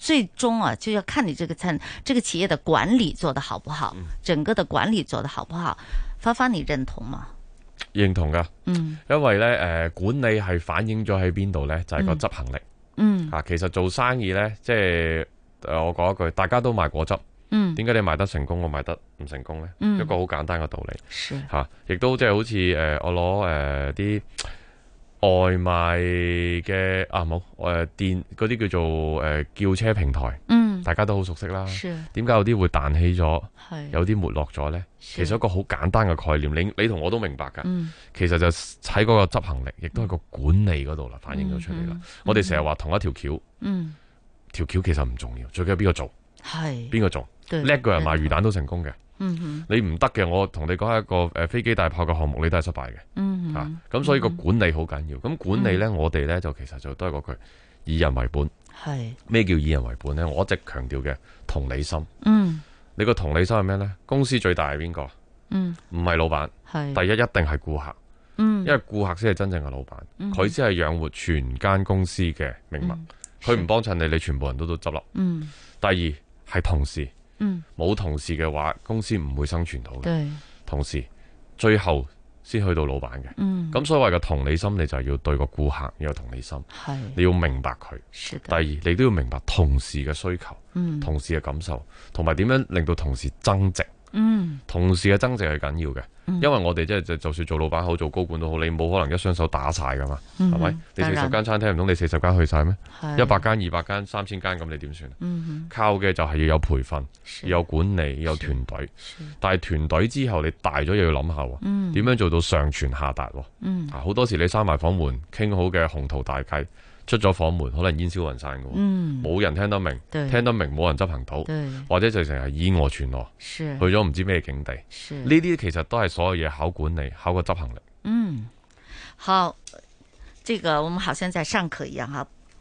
最終啊，就要看你這個餐，這個企業的管理做得好不好，整個的管理做得好不好，發發你認同嗎？認同㗎，嗯，因為呢誒、呃，管理係反映咗喺邊度呢？就係、是、個執行力，嗯，嗯啊，其實做生意呢，即係我講一句，大家都賣果汁，嗯，點解你賣得成功，我賣得唔成功呢？嗯，一個好簡單嘅道理，係是，亦、啊、都即係好似誒、呃，我攞誒啲。呃外賣嘅啊冇，誒電嗰啲叫做誒、呃、叫車平台，嗯，大家都好熟悉啦。點解是有啲會彈起咗，是有啲沒落咗呢？是其實一個好簡單嘅概念，你你同我都明白噶。嗯、其實就喺嗰個執行力，亦都係個管理嗰度啦，反映咗出嚟啦。我哋成日話同一條橋，嗯，條橋、嗯、其實唔重要，最緊要邊個做，係邊個做。叻個人賣魚蛋都成功嘅，你唔得嘅，我同你講一個誒飛機大炮嘅項目，你都係失敗嘅。咁所以個管理好緊要。咁管理呢，我哋呢就其實就都係個句以人為本。係咩叫以人為本呢？我一直強調嘅同理心。你個同理心係咩呢？公司最大係邊個？唔係老闆。第一一定係顧客。因為顧客先係真正嘅老闆，佢先係養活全間公司嘅命脈。佢唔幫襯你，你全部人都都執笠。第二係同事。冇，嗯、同事嘅話，公司唔會生存到嘅。對同事最後先去到老闆嘅。咁、嗯、所謂嘅同理心，你就係要對個顧客要有同理心，是你要明白佢。的第二，你都要明白同事嘅需求、嗯、同事嘅感受，同埋點樣令到同事增值。嗯，同時嘅增值係緊要嘅，因為我哋即係就就算做老闆好做高管都好，你冇可能一雙手打晒噶嘛，係咪？你四十間餐廳唔通你四十間去晒咩？一百間、二百間、三千間咁你點算？靠嘅就係要有培訓、要有管理、要有團隊，但係團隊之後你大咗又要諗下喎，點樣做到上傳下達？嗯，啊，好多時你閂埋房門，傾好嘅鴻圖大計。出咗房門，可能煙消雲散嘅，冇、嗯、人聽得明，對聽得明冇人執行到，對或者就成日以訛傳訛，是去咗唔知咩境地。呢啲是其實都係所有嘢，考管理，考個執行力。嗯，好，這個我們好像在上課一樣哈。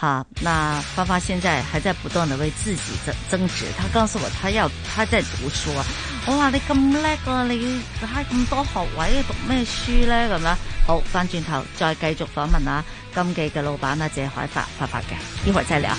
好、啊，那發發現在還在不斷地為自己增增值，他告訴我他要他在讀書、啊，我、哦、話你咁叻喎，你開咁多學位讀咩書咧咁啦？好，翻轉頭再繼續訪問啊金記嘅老闆啊謝海發發發嘅，一陣再嚟啊。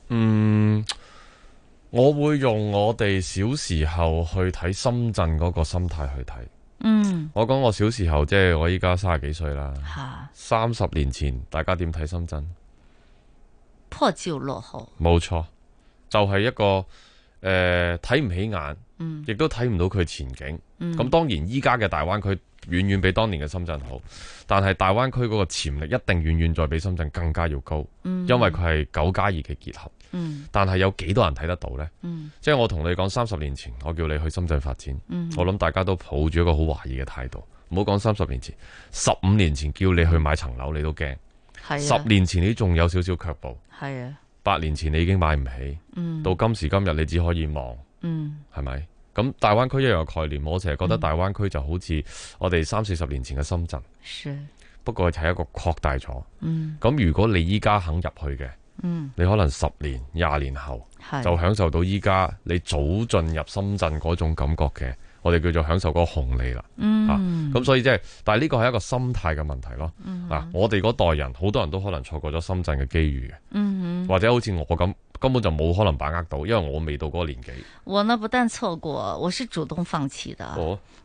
嗯，我會用我哋小時候去睇深圳嗰個心態去睇。嗯，我講我小時候，即係我依家三十幾歲啦。吓，三十哈年前大家點睇深圳？破照落後。冇錯，就係、是、一個誒睇唔起眼。亦、嗯、都睇唔到佢前景。咁、嗯、當然依家嘅大灣區遠遠比當年嘅深圳好，但係大灣區嗰個潛力一定遠遠再比深圳更加要高，嗯、因為佢係九加二嘅結合。嗯、但係有幾多人睇得到呢？嗯、即係我同你講，三十年前我叫你去深圳發展，嗯、我諗大家都抱住一個好懷疑嘅態度。唔好講三十年前，十五年前叫你去買層樓你都驚，十、啊、年前你仲有少少卻步，八、啊、年前你已經買唔起，嗯、到今時今日你只可以望。嗯，係咪？咁大灣區一樣嘅概念，我成日覺得大灣區就好似我哋三四十年前嘅深圳，是不過係一個擴大咗。嗯，咁如果你依家肯入去嘅，嗯，你可能十年、廿年後就享受到依家你早進入深圳嗰種感覺嘅。我哋叫做享受嗰個紅利啦，嗯咁、啊、所以即、就、係、是，但係呢個係一個心態嘅問題咯。嗯啊、我哋嗰代人好多人都可能錯過咗深圳嘅機遇嘅，嗯、哼或者好似我咁根本就冇可能把握到，因為我未到嗰個年紀。我呢不但錯過，我是主動放棄的。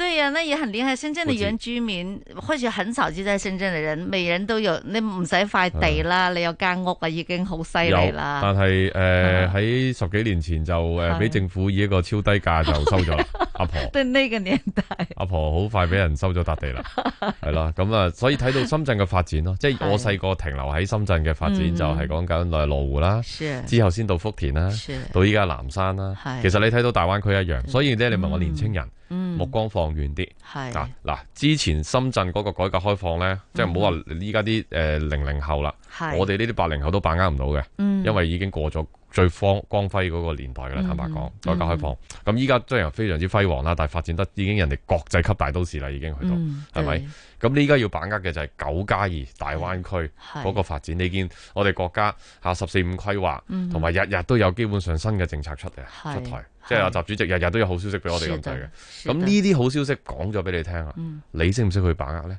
對呀，那也很厲害。深圳嘅原居民，或者很少住在深圳嘅人，每人都有你唔使塊地啦，你有間屋啊，已經好犀利啦。但是喺十幾年前就畀政府以一個超低價就收咗阿婆。對，那個年代阿婆好快畀人收咗笪地啦，係啦，咁呀，所以睇到深圳嘅發展咯，即係我細個停留喺深圳嘅發展就是講緊嚟羅湖啦，之後先到福田啦，到依家南山啦。其實你睇到大灣區一樣，所以你問我年輕人。目光放遠啲，嗱嗱、嗯，之前深圳嗰個改革開放咧，嗯、即係唔好話依家啲誒零零後啦，是我哋呢啲八零後都把握唔到嘅，嗯、因為已經過咗。最光光輝嗰個年代啦，坦白講，改革、嗯、開放，咁依家雖然非常之輝煌啦，但係發展得已經人哋國際級大都市啦，已經去到係咪？咁、嗯、你依家要把握嘅就係九加二大灣區嗰個發展。嗯、你見我哋國家吓十四五規劃，同埋、嗯、日日都有基本上新嘅政策出嘅、嗯、出台，是是即係阿習主席日日都有好消息俾我哋咁滯嘅。咁呢啲好消息講咗俾你聽啦，嗯、你識唔識去把握咧？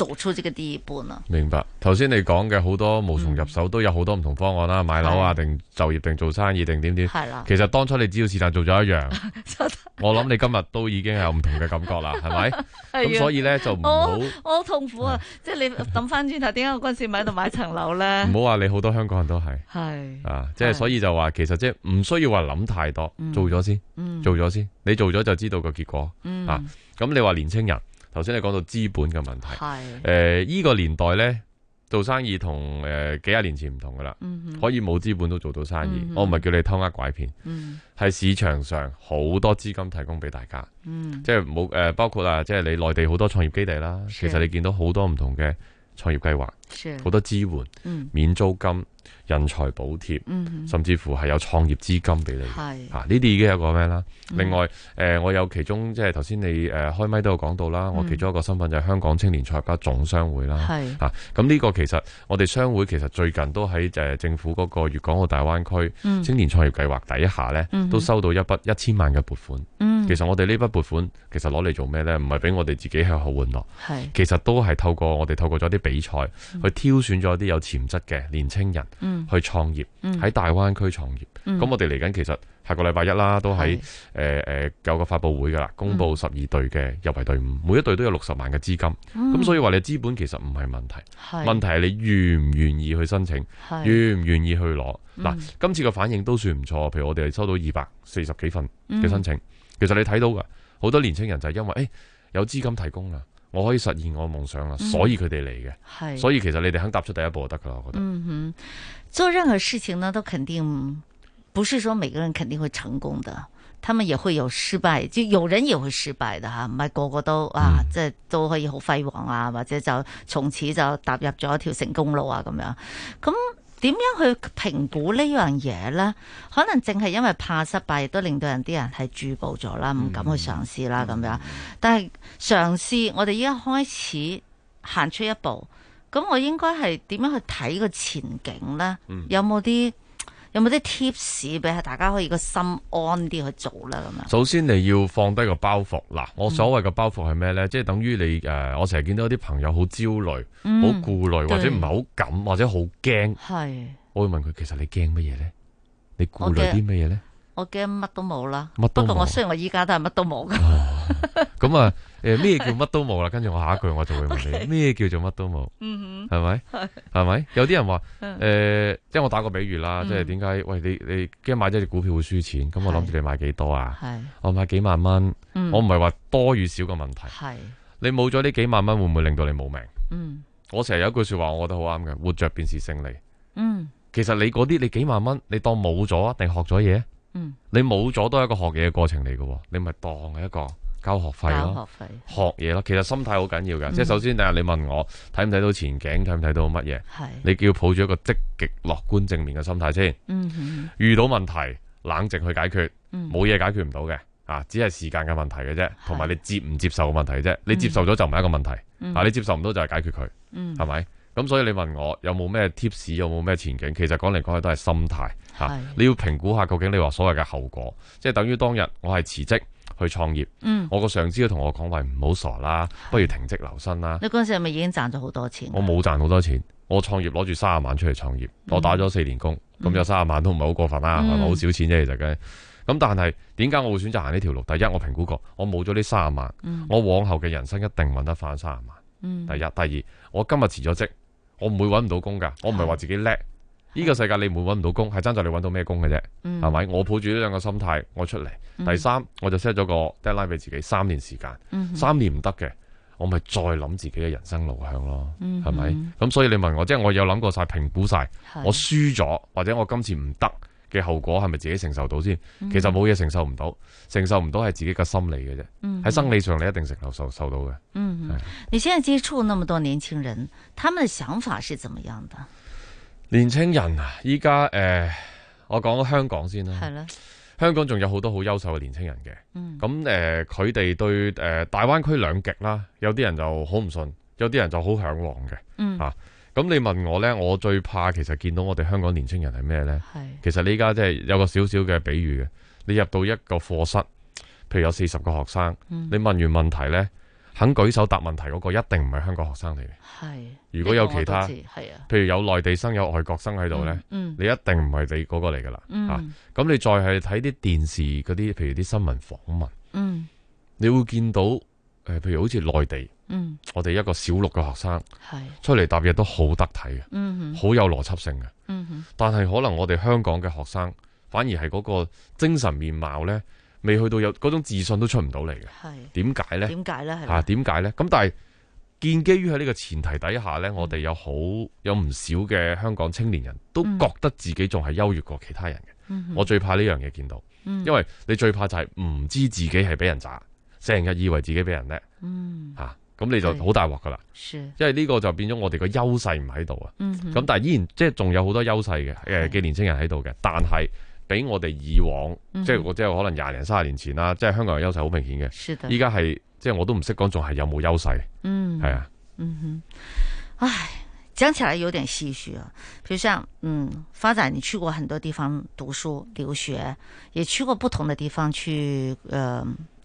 走出呢個第二步啦。明白。頭先你講嘅好多無從入手，都有好多唔同方案啦，買樓啊，定就業，定做生意，定點點。係啦。其實當初你只要是但做咗一樣，我諗你今日都已經有唔同嘅感覺啦，係咪？咁所以咧就唔好。我好痛苦啊！即係你諗翻轉頭，點解我嗰時咪喺度買層樓咧？唔好話你好多香港人都係。係。啊！即係所以就話其實即係唔需要話諗太多，做咗先，做咗先。你做咗就知道個結果。嗯。啊！咁你話年青人。頭先你講到資本嘅問題，誒是，依、呃這個年代咧做生意同誒、呃、幾廿年前唔同噶啦。嗯、哼可以冇資本都做到生意。嗯、哼我唔係叫你偷呃拐騙，喺、嗯、哼市場上好多資金提供俾大家，嗯、即係冇誒，包括啊，即係你內地好多創業基地啦，是其實你見到好多唔同嘅創業計劃。好多支援，免租金、嗯、人才補貼，甚至乎係有創業資金俾你。係是，呢啲、啊、已經有個咩啦？嗯、另外，誒、呃，我有其中即係頭先你誒、呃、開麥都有講到啦。我其中一個身份就係香港青年創業家總商會啦。係，咁呢個其實我哋商會其實最近都喺、呃、政府嗰個粵港澳大灣區青年創業計劃底下呢，嗯、都收到一筆一千萬嘅撥款。嗯、其實我哋呢筆撥款其實攞嚟做咩呢？唔係俾我哋自己喺度玩樂。是其實都係透過我哋透過咗啲比賽。去挑選咗啲有潛質嘅年青人去創業，喺、嗯嗯、大灣區創業。咁、嗯、我哋嚟緊其實下個禮拜一啦，都喺誒誒有個發佈會噶啦，公布十二隊嘅入圍隊伍，每一隊都有六十萬嘅資金。咁、嗯、所以話你資本其實唔係問題，是問題係你願唔願意去申請，願唔是願，願意去攞。嗱、嗯，今次個反應都算唔錯，譬如我哋收到二百四十幾份嘅申請。嗯、其實你睇到㗎，好多年青人就係因為誒、欸、有資金提供啦。我可以實現我嘅夢想啦，所以佢哋嚟嘅，嗯、所以其實你哋肯踏出第一步就得噶啦，我覺得、嗯哼。做任何事情呢，都肯定唔是說每個人肯定會成功的，他們也會有失敗，就有人也會失敗的哈，唔係個個都、嗯、啊，即係都可以好輝煌，啊，或者就從此就踏入咗一條成功路啊咁樣，咁。點樣去評估呢樣嘢呢？可能淨係因為怕失敗，亦都令到人啲人係注步咗啦，唔敢去嘗試啦咁樣。但係嘗試，我哋依家開始行出一步，咁我應該係點樣去睇個前景呢？有冇啲？有冇啲 tips 俾下大家可以個心安啲去做啦咁樣？首先你要放低個包袱嗱，我所謂嘅包袱係咩咧？即係等於你誒，我成日見到啲朋友好焦慮、好顧慮或者唔係好敢或者好驚，係我會問佢：其實你驚乜嘢咧？你顧慮啲乜嘢咧？Okay. 我驚乜都冇啦，不過我雖然我依家都係乜都冇嘅咁啊。誒，咩叫乜都冇啦？跟住我下一句我就會問你咩叫做乜都冇？嗯哼，係咪係咪？有啲人話誒，即係我打個比喻啦，即係點解？喂，你你驚買咗隻股票會輸錢？咁我諗住你買幾多啊？我買幾萬蚊，我唔係話多與少嘅問題。你冇咗呢幾萬蚊，會唔會令到你冇命？我成日有一句說話，我覺得好啱嘅，活着便是勝利。其實你嗰啲你幾萬蚊，你當冇咗定學咗嘢？嗯，你冇咗都係一個學嘢嘅過程嚟喎。你咪當係一個交學費咯，學嘢咯。其實心態好緊要㗎。嗯、即係首先，第下你問我睇唔睇到前景，睇唔睇到乜嘢？係是你叫抱住一個積極、樂觀、正面嘅心態先。嗯哼，遇到問題冷靜去解決，冇嘢、嗯、解決唔到嘅，啊，只係時間嘅問題嘅啫，同埋你接唔接受嘅問題嘅啫。是你接受咗就唔係一個問題，啊、嗯，你接受唔到就係解決佢，係咪、嗯？咁所以你問我有冇咩 tips，有冇咩前景？其實講嚟講去都係心態是、啊、你要評估下究竟你話所謂嘅後果，即係等於當日我係辭職去創業。嗯，我個上司都同我講話唔好傻啦，不如停職留薪啦。你嗰陣時係咪已經賺咗好多錢？我冇賺好多錢。我創業攞住三十萬出去創業，嗯、我打咗四年工，咁有三十萬都唔係好過分啦，係咪好少錢啫？其實嘅咁，但係點解我會選擇行呢條路？第一，我評估過，我冇咗呢三十萬，嗯、我往後嘅人生一定揾得翻三十萬。第一，嗯、第二，我今日辭咗職。我唔會揾唔到工噶，我唔係話自己叻。呢的個世界你唔會揾唔到工，係爭在你揾到咩工嘅啫。係咪、嗯？我抱住呢兩個心態，我出嚟。嗯、第三，我就 set 咗個 deadline 俾自己三年時間。嗯、哼三年唔得嘅，我咪再諗自己嘅人生路向咯。係咪、嗯哼？咁所以你問我，即、就、係、是、我有諗過，晒、係評估晒，的我輸咗或者我今次唔得。嘅後果係咪自己承受到先？嗯、哼其實冇嘢承受唔到，承受唔到係自己嘅心理嘅啫。喺、嗯、哼生理上你一定承受受受到嘅。嗯哼，是你現在接觸那麼多年輕人，他們嘅想法是怎麼樣的？年輕人啊，依家誒，我講香港先啦。的香港仲有好多好優秀嘅年輕人嘅。嗯。咁誒、嗯，佢哋對誒大灣區兩極啦，有啲人就好唔信，有啲人就好向往嘅。嗯。啊咁你問我呢，我最怕其實見到我哋香港年青人係咩呢？是其實你依家即係有個少少嘅比喻嘅，你入到一個課室，譬如有四十個學生，嗯、你問完問題呢，肯舉手答問題嗰個一定唔係香港學生嚟嘅。是如果有其他，啊、譬如有內地生、有外國生喺度呢，嗯嗯、你一定唔係你嗰個嚟㗎喇。吓、嗯，咁、啊、你再係睇啲電視嗰啲，譬如啲新聞訪問，嗯、你會見到。誒、呃，譬如好似內地，嗯、我哋一個小六嘅學生，是出嚟答嘢，都好得體嘅，好、嗯、哼有邏輯性嘅。嗯、哼但係可能我哋香港嘅學生，反而係嗰個精神面貌呢，未去到有嗰種自信都出唔到嚟嘅。點解是呢？點解呢？吓，點解呢？咁但係建基於喺呢個前提底下呢，嗯、哼我哋有好有唔少嘅香港青年人都覺得自己仲係優越過其他人嘅。嗯、哼我最怕呢樣嘢，見到，嗯、哼因為你最怕就係唔知自己係俾人渣。成日以為自己俾人叻，嚇咁、嗯啊、你就好大鑊噶啦，是是因為呢個就變咗我哋個優勢唔喺度啊。咁、嗯、哼但係依然即係仲有好多優勢嘅誒嘅年青人喺度嘅，但係比我哋以往、嗯、哼即係我即係可能廿零三十年前啦，即係香港嘅優勢好明顯嘅。依家係即係我都唔識講，仲係有冇優勢？嗯，係啊、嗯，唉，講起來有點唏噓啊。譬如像，嗯，發仔，你去過很多地方讀書、留學，也去過不同的地方去，嗯、呃。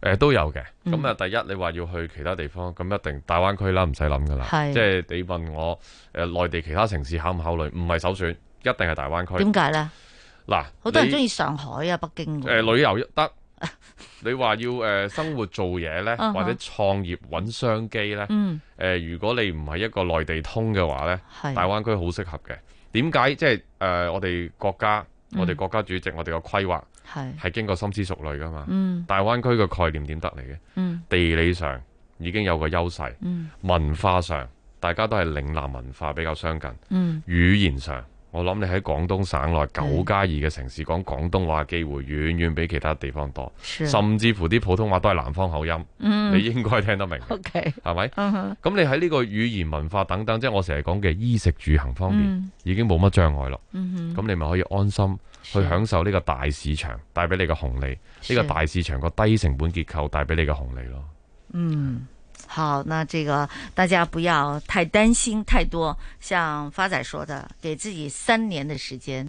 誒，都有嘅。咁啊，第一你話要去其他地方，咁一定大灣區啦，唔使諗噶啦。即係你問我誒，內地其他城市考唔考慮？唔係首選，一定係大灣區。點解呢？嗱啦，好多人中意你上海啊，北京。誒、呃，旅遊得。你話要誒、呃、生活做嘢呢， 或者創業揾商機呢，誒、嗯呃，如果你唔係一個內地通嘅話呢，是大灣區好適合嘅。點解？即係誒，我哋國家，我哋國家主席，我哋個規劃。嗯係經過深思熟慮噶嘛？嗯，大灣區嘅概念點得嚟嘅？嗯，地理上已經有個優勢。嗯，文化上大家都係嶺南文化比較相近。嗯，語言上我諗你喺廣東省內九加二嘅城市講廣東話機會遠遠比其他地方多，甚至乎啲普通話都係南方口音，你應該聽得明。OK，係咪？咁你喺呢個語言文化等等，即係我成日講嘅衣食住行方面，已經冇乜障礙咯。咁你咪可以安心。去享受呢個大市場帶俾你嘅紅利，呢是個大市場個低成本結構帶俾你嘅紅利咯。嗯，好，那這個大家不要太擔心太多，像發仔說的，給自己三年的時間。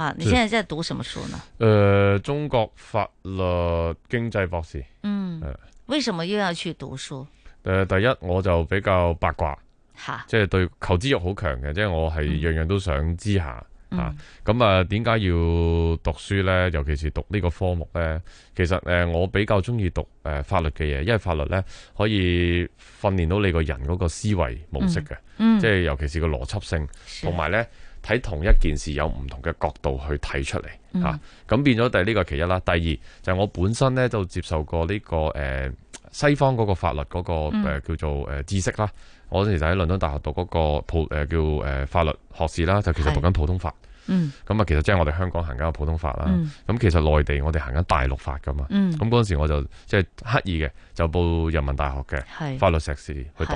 啊！你現在在讀什麼書呢？誒、呃，中國法律經濟博士。嗯。呃、為什麼又要去讀書？誒、呃，第一我就比較八卦，吓哈，即係對求知欲好強嘅，嗯、即係我係樣樣都想知下，吓。咁啊，點解要讀書呢？尤其是讀呢個科目呢？其實誒、呃，我比較中意讀誒、呃、法律嘅嘢，因為法律呢可以訓練到你個人嗰個思維模式嘅，嗯嗯、即係尤其是個邏輯性，同埋是呢。睇同一件事有唔同嘅角度去睇出嚟，吓咁、嗯啊、變咗。第呢個其一啦，第二就係、是、我本身咧就接受過呢、這個誒、呃、西方嗰個法律嗰、那個誒、嗯呃、叫做誒知識啦。我陣時就喺倫敦大學讀嗰、那個普誒叫誒法律學士啦，就其實讀緊普通法。咁啊、嗯、其實即係我哋香港行緊個普通法啦。咁、嗯、其實內地我哋行緊大陸法㗎嘛。咁嗰陣時我就即係、就是、刻意嘅，就報人民大學嘅法律碩士去讀。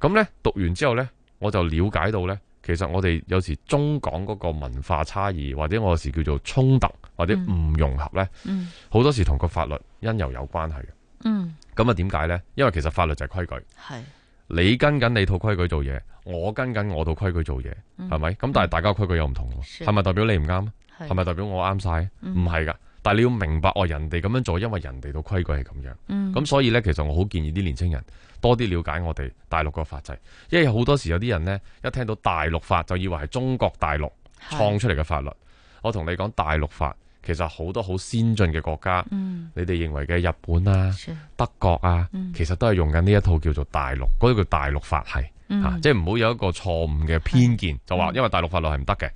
咁咧讀完之後咧，我就了解到咧。其實我哋有時中港嗰個文化差異，或者我哋有時叫做衝突或者唔融合呢好、嗯嗯、多時同個法律因由有關係嘅。嗯，咁啊點解呢？因為其實法律就係規矩。係是你跟緊你套規矩做嘢，我跟緊我套規矩做嘢，係咪、嗯？咁但係大家規矩又唔同，係咪是代表你唔啱？係咪是代表我啱晒？唔係噶，但係你要明白哦，人哋咁樣做，因為人哋套規矩係咁樣。咁、嗯、所以呢，其實我好建議啲年輕人，多啲了解我哋大陸個法制，因為好多時有啲人呢，一聽到大陸法就以為係中國大陸創出嚟嘅法律。是我同你講，大陸法其實好多好先進嘅國家，嗯、你哋認為嘅日本啊、是德國啊，嗯、其實都係用緊呢一套叫做大陸，嗰、嗰個、叫大陸法系啊，即係唔好有一個錯誤嘅偏見，是就話因為大陸法律係唔得嘅。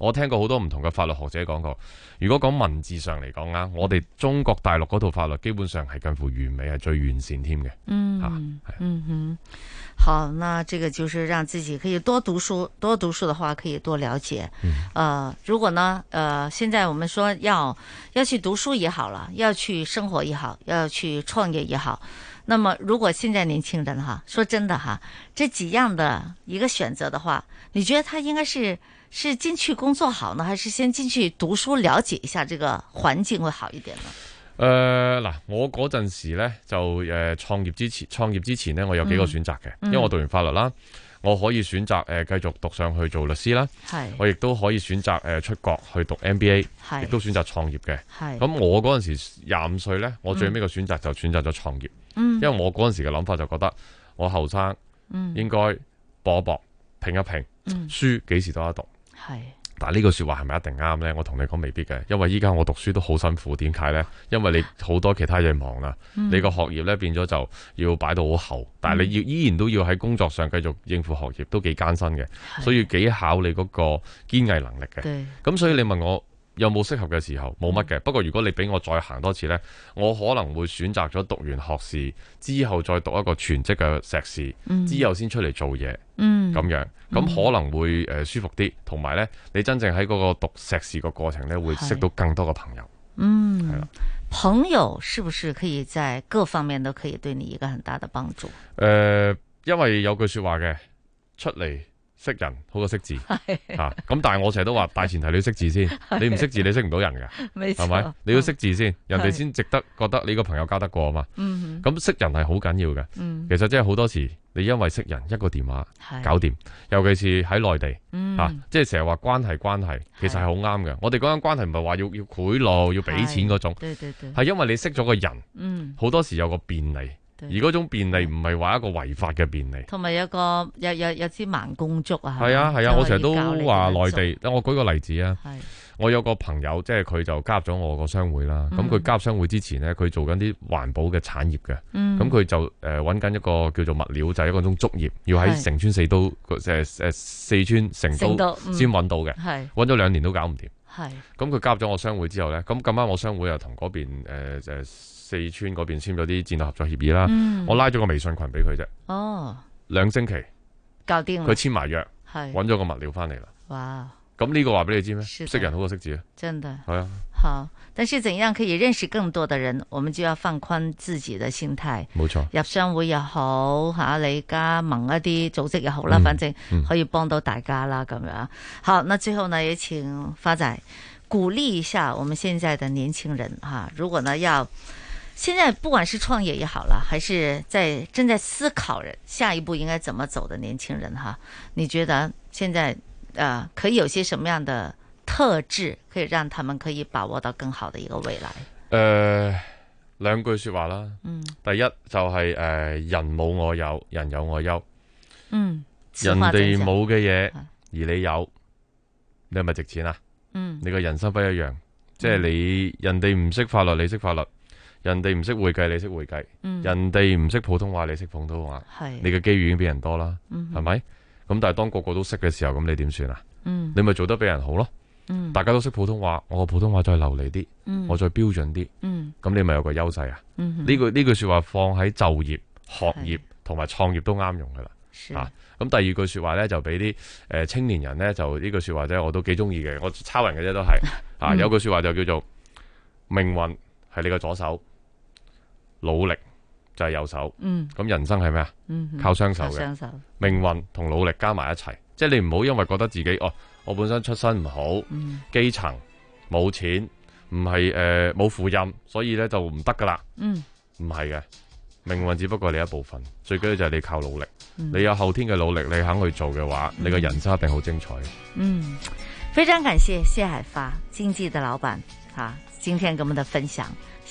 我聽過好多唔同嘅法律學者講過，如果講文字上嚟講啊，我哋中國大陸嗰套法律基本上係近乎完美，係最完善添嘅。嗯，是，嗯哼，好，那這個就是讓自己可以多讀書，多讀書的話可以多了解。呃，如果呢，呃，現在我們說要要去讀書也好啦，要去生活也好，要去創業也好，那麼如果現在年輕人哈，說真的哈，這幾樣的一個選擇的話，你覺得他應該是？是進去工作好呢，還是先進去讀書了解一下這個環境會好一點呢？誒，嗱，我嗰陣時呢就誒創業之前，創業之前咧我有幾個選擇嘅，嗯、因為我讀完法律啦，嗯、我可以選擇誒繼續讀上去做律師啦，是我亦都可以選擇誒出國去讀 MBA，係是，亦都選擇創業嘅，咁是我嗰陣時廿五歲呢，我最尾個選擇就選擇咗創業，嗯、因為我嗰陣時嘅諗法就覺得我後生，應該搏一搏，拼一拼，書幾時都得讀。是但係呢個說話係咪一定啱呢？我同你講未必嘅，因為依家我讀書都好辛苦，點解呢？因為你好多其他嘢忙啦，你個學業呢變咗就要擺到好後，嗯、但係你要依然都要喺工作上繼續應付學業，都幾艱辛嘅，是所以要幾考你嗰個堅毅能力嘅。咁對所以你問我，有冇適合嘅時候？冇乜嘅，不過如果你俾我再行多次呢，我可能會選擇咗讀完學士之後再讀一個全職嘅碩士，嗯、之後先出嚟做嘢，咁、嗯、樣咁可能會誒舒服啲，同埋、嗯、呢，你真正喺嗰個讀碩士個過程呢，會識到更多嘅朋友。嗯，係啦，朋友是不是可以在各方面都可以對你一個很大的幫助？誒、呃，因為有句說話嘅出嚟。識人好過識字吓，咁但係我成日都話，大前提你要識字先，你唔識字你識唔到人噶，係咪？你要識字先，人哋先值得覺得你個朋友交得過啊嘛。咁識人係好緊要嘅，其實真係好多時你因為識人一個電話搞掂，尤其是喺內地吓，即係成日話關係關係，其實係好啱嘅。我哋講緊關係唔係話要要賄賂要俾錢嗰種，係因為你識咗個人，好多時有個便利。而嗰種便利唔係話一個違法嘅便利，同埋有個有有有支盲公竹啊！係啊係啊，我成日都話內地。我舉個例子啊，我有個朋友即係佢就加入咗我個商會啦。咁佢加入商會之前呢，佢做緊啲環保嘅產業嘅。咁佢就誒揾緊一個叫做物料，就係一個種竹業，要喺成村四都，四川成都先揾到嘅。揾咗兩年都搞唔掂。咁佢加入咗我商會之後呢，咁咁啱我商會又同嗰邊四川嗰邊簽咗啲戰略合作協議啦，我拉咗個微信群俾佢啫。哦，兩星期搞掂，佢簽埋約，係揾咗個物料翻嚟啦。哇，咁呢個話俾你知咩？識人好過識字啊！真的係啊。好，但是怎樣可以認識更多的人？我們就要放寬自己嘅心態。冇錯，入商會又好吓，你加盟一啲組織又好啦，反正可以幫到大家啦。咁樣好，那最後呢，也請發仔鼓勵一下我們現在的年輕人哈。如果呢要現在不管是創業也好啦，還是在正在思考下一步應該怎麼走的年輕人哈，你覺得現在、呃、可以有些什麼樣的特質可以讓他們可以把握到更好的一個未來？呃，兩句說話啦，嗯，第一就係、是、誒、呃，人冇我有，人有我優，嗯，人哋冇嘅嘢，而你有，你係咪值錢啊？嗯，你個人生不一樣，嗯、即係你人哋唔識法律，你識法律。人哋唔識會計，你識會計；人哋唔識普通話，你識普通話。你嘅機遇已經比人多啦，係咪？咁但係當個個都識嘅時候，咁你點算啊？你咪做得比人好咯。大家都識普通話，我嘅普通話再流利啲，我再標準啲。咁你咪有個優勢啊？呢個呢句說話放喺就業、學業同埋創業都啱用噶啦。咁第二句說話呢，就俾啲誒青年人呢，就呢句說話咧，我都幾中意嘅。我抄人嘅啫，都係啊有句說話就叫做命運係你嘅左手。努力就係右手，咁、嗯、人生係咩啊？靠雙手嘅，嗯、雙手命運同努力加埋一齊，即、就、係、是、你唔好因為覺得自己哦，我本身出身唔好，嗯、基層冇錢，唔係誒冇富蔭，所以咧就唔得噶啦。嗯，唔係嘅，命運只不過係你一部分，最緊要就係你靠努力。嗯、你有後天嘅努力，你肯去做嘅話，嗯、你個人生一定好精彩的。嗯，非常感謝謝海發金記的老闆，哈、啊，今天咁麼的分享。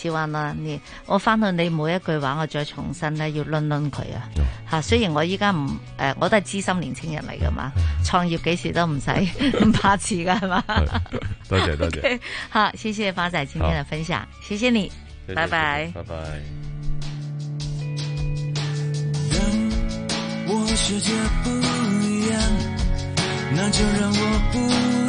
啦，你我翻去你每一句話，我再重新咧要論論佢、嗯、啊。吓，雖然我依家唔誒，我都係資深年青人嚟噶嘛，創業幾時都唔使唔怕遲噶係嘛。多謝多謝，okay. 好，謝謝發仔今天好的分享，謝謝你，謝謝你拜拜謝謝，拜拜。拜拜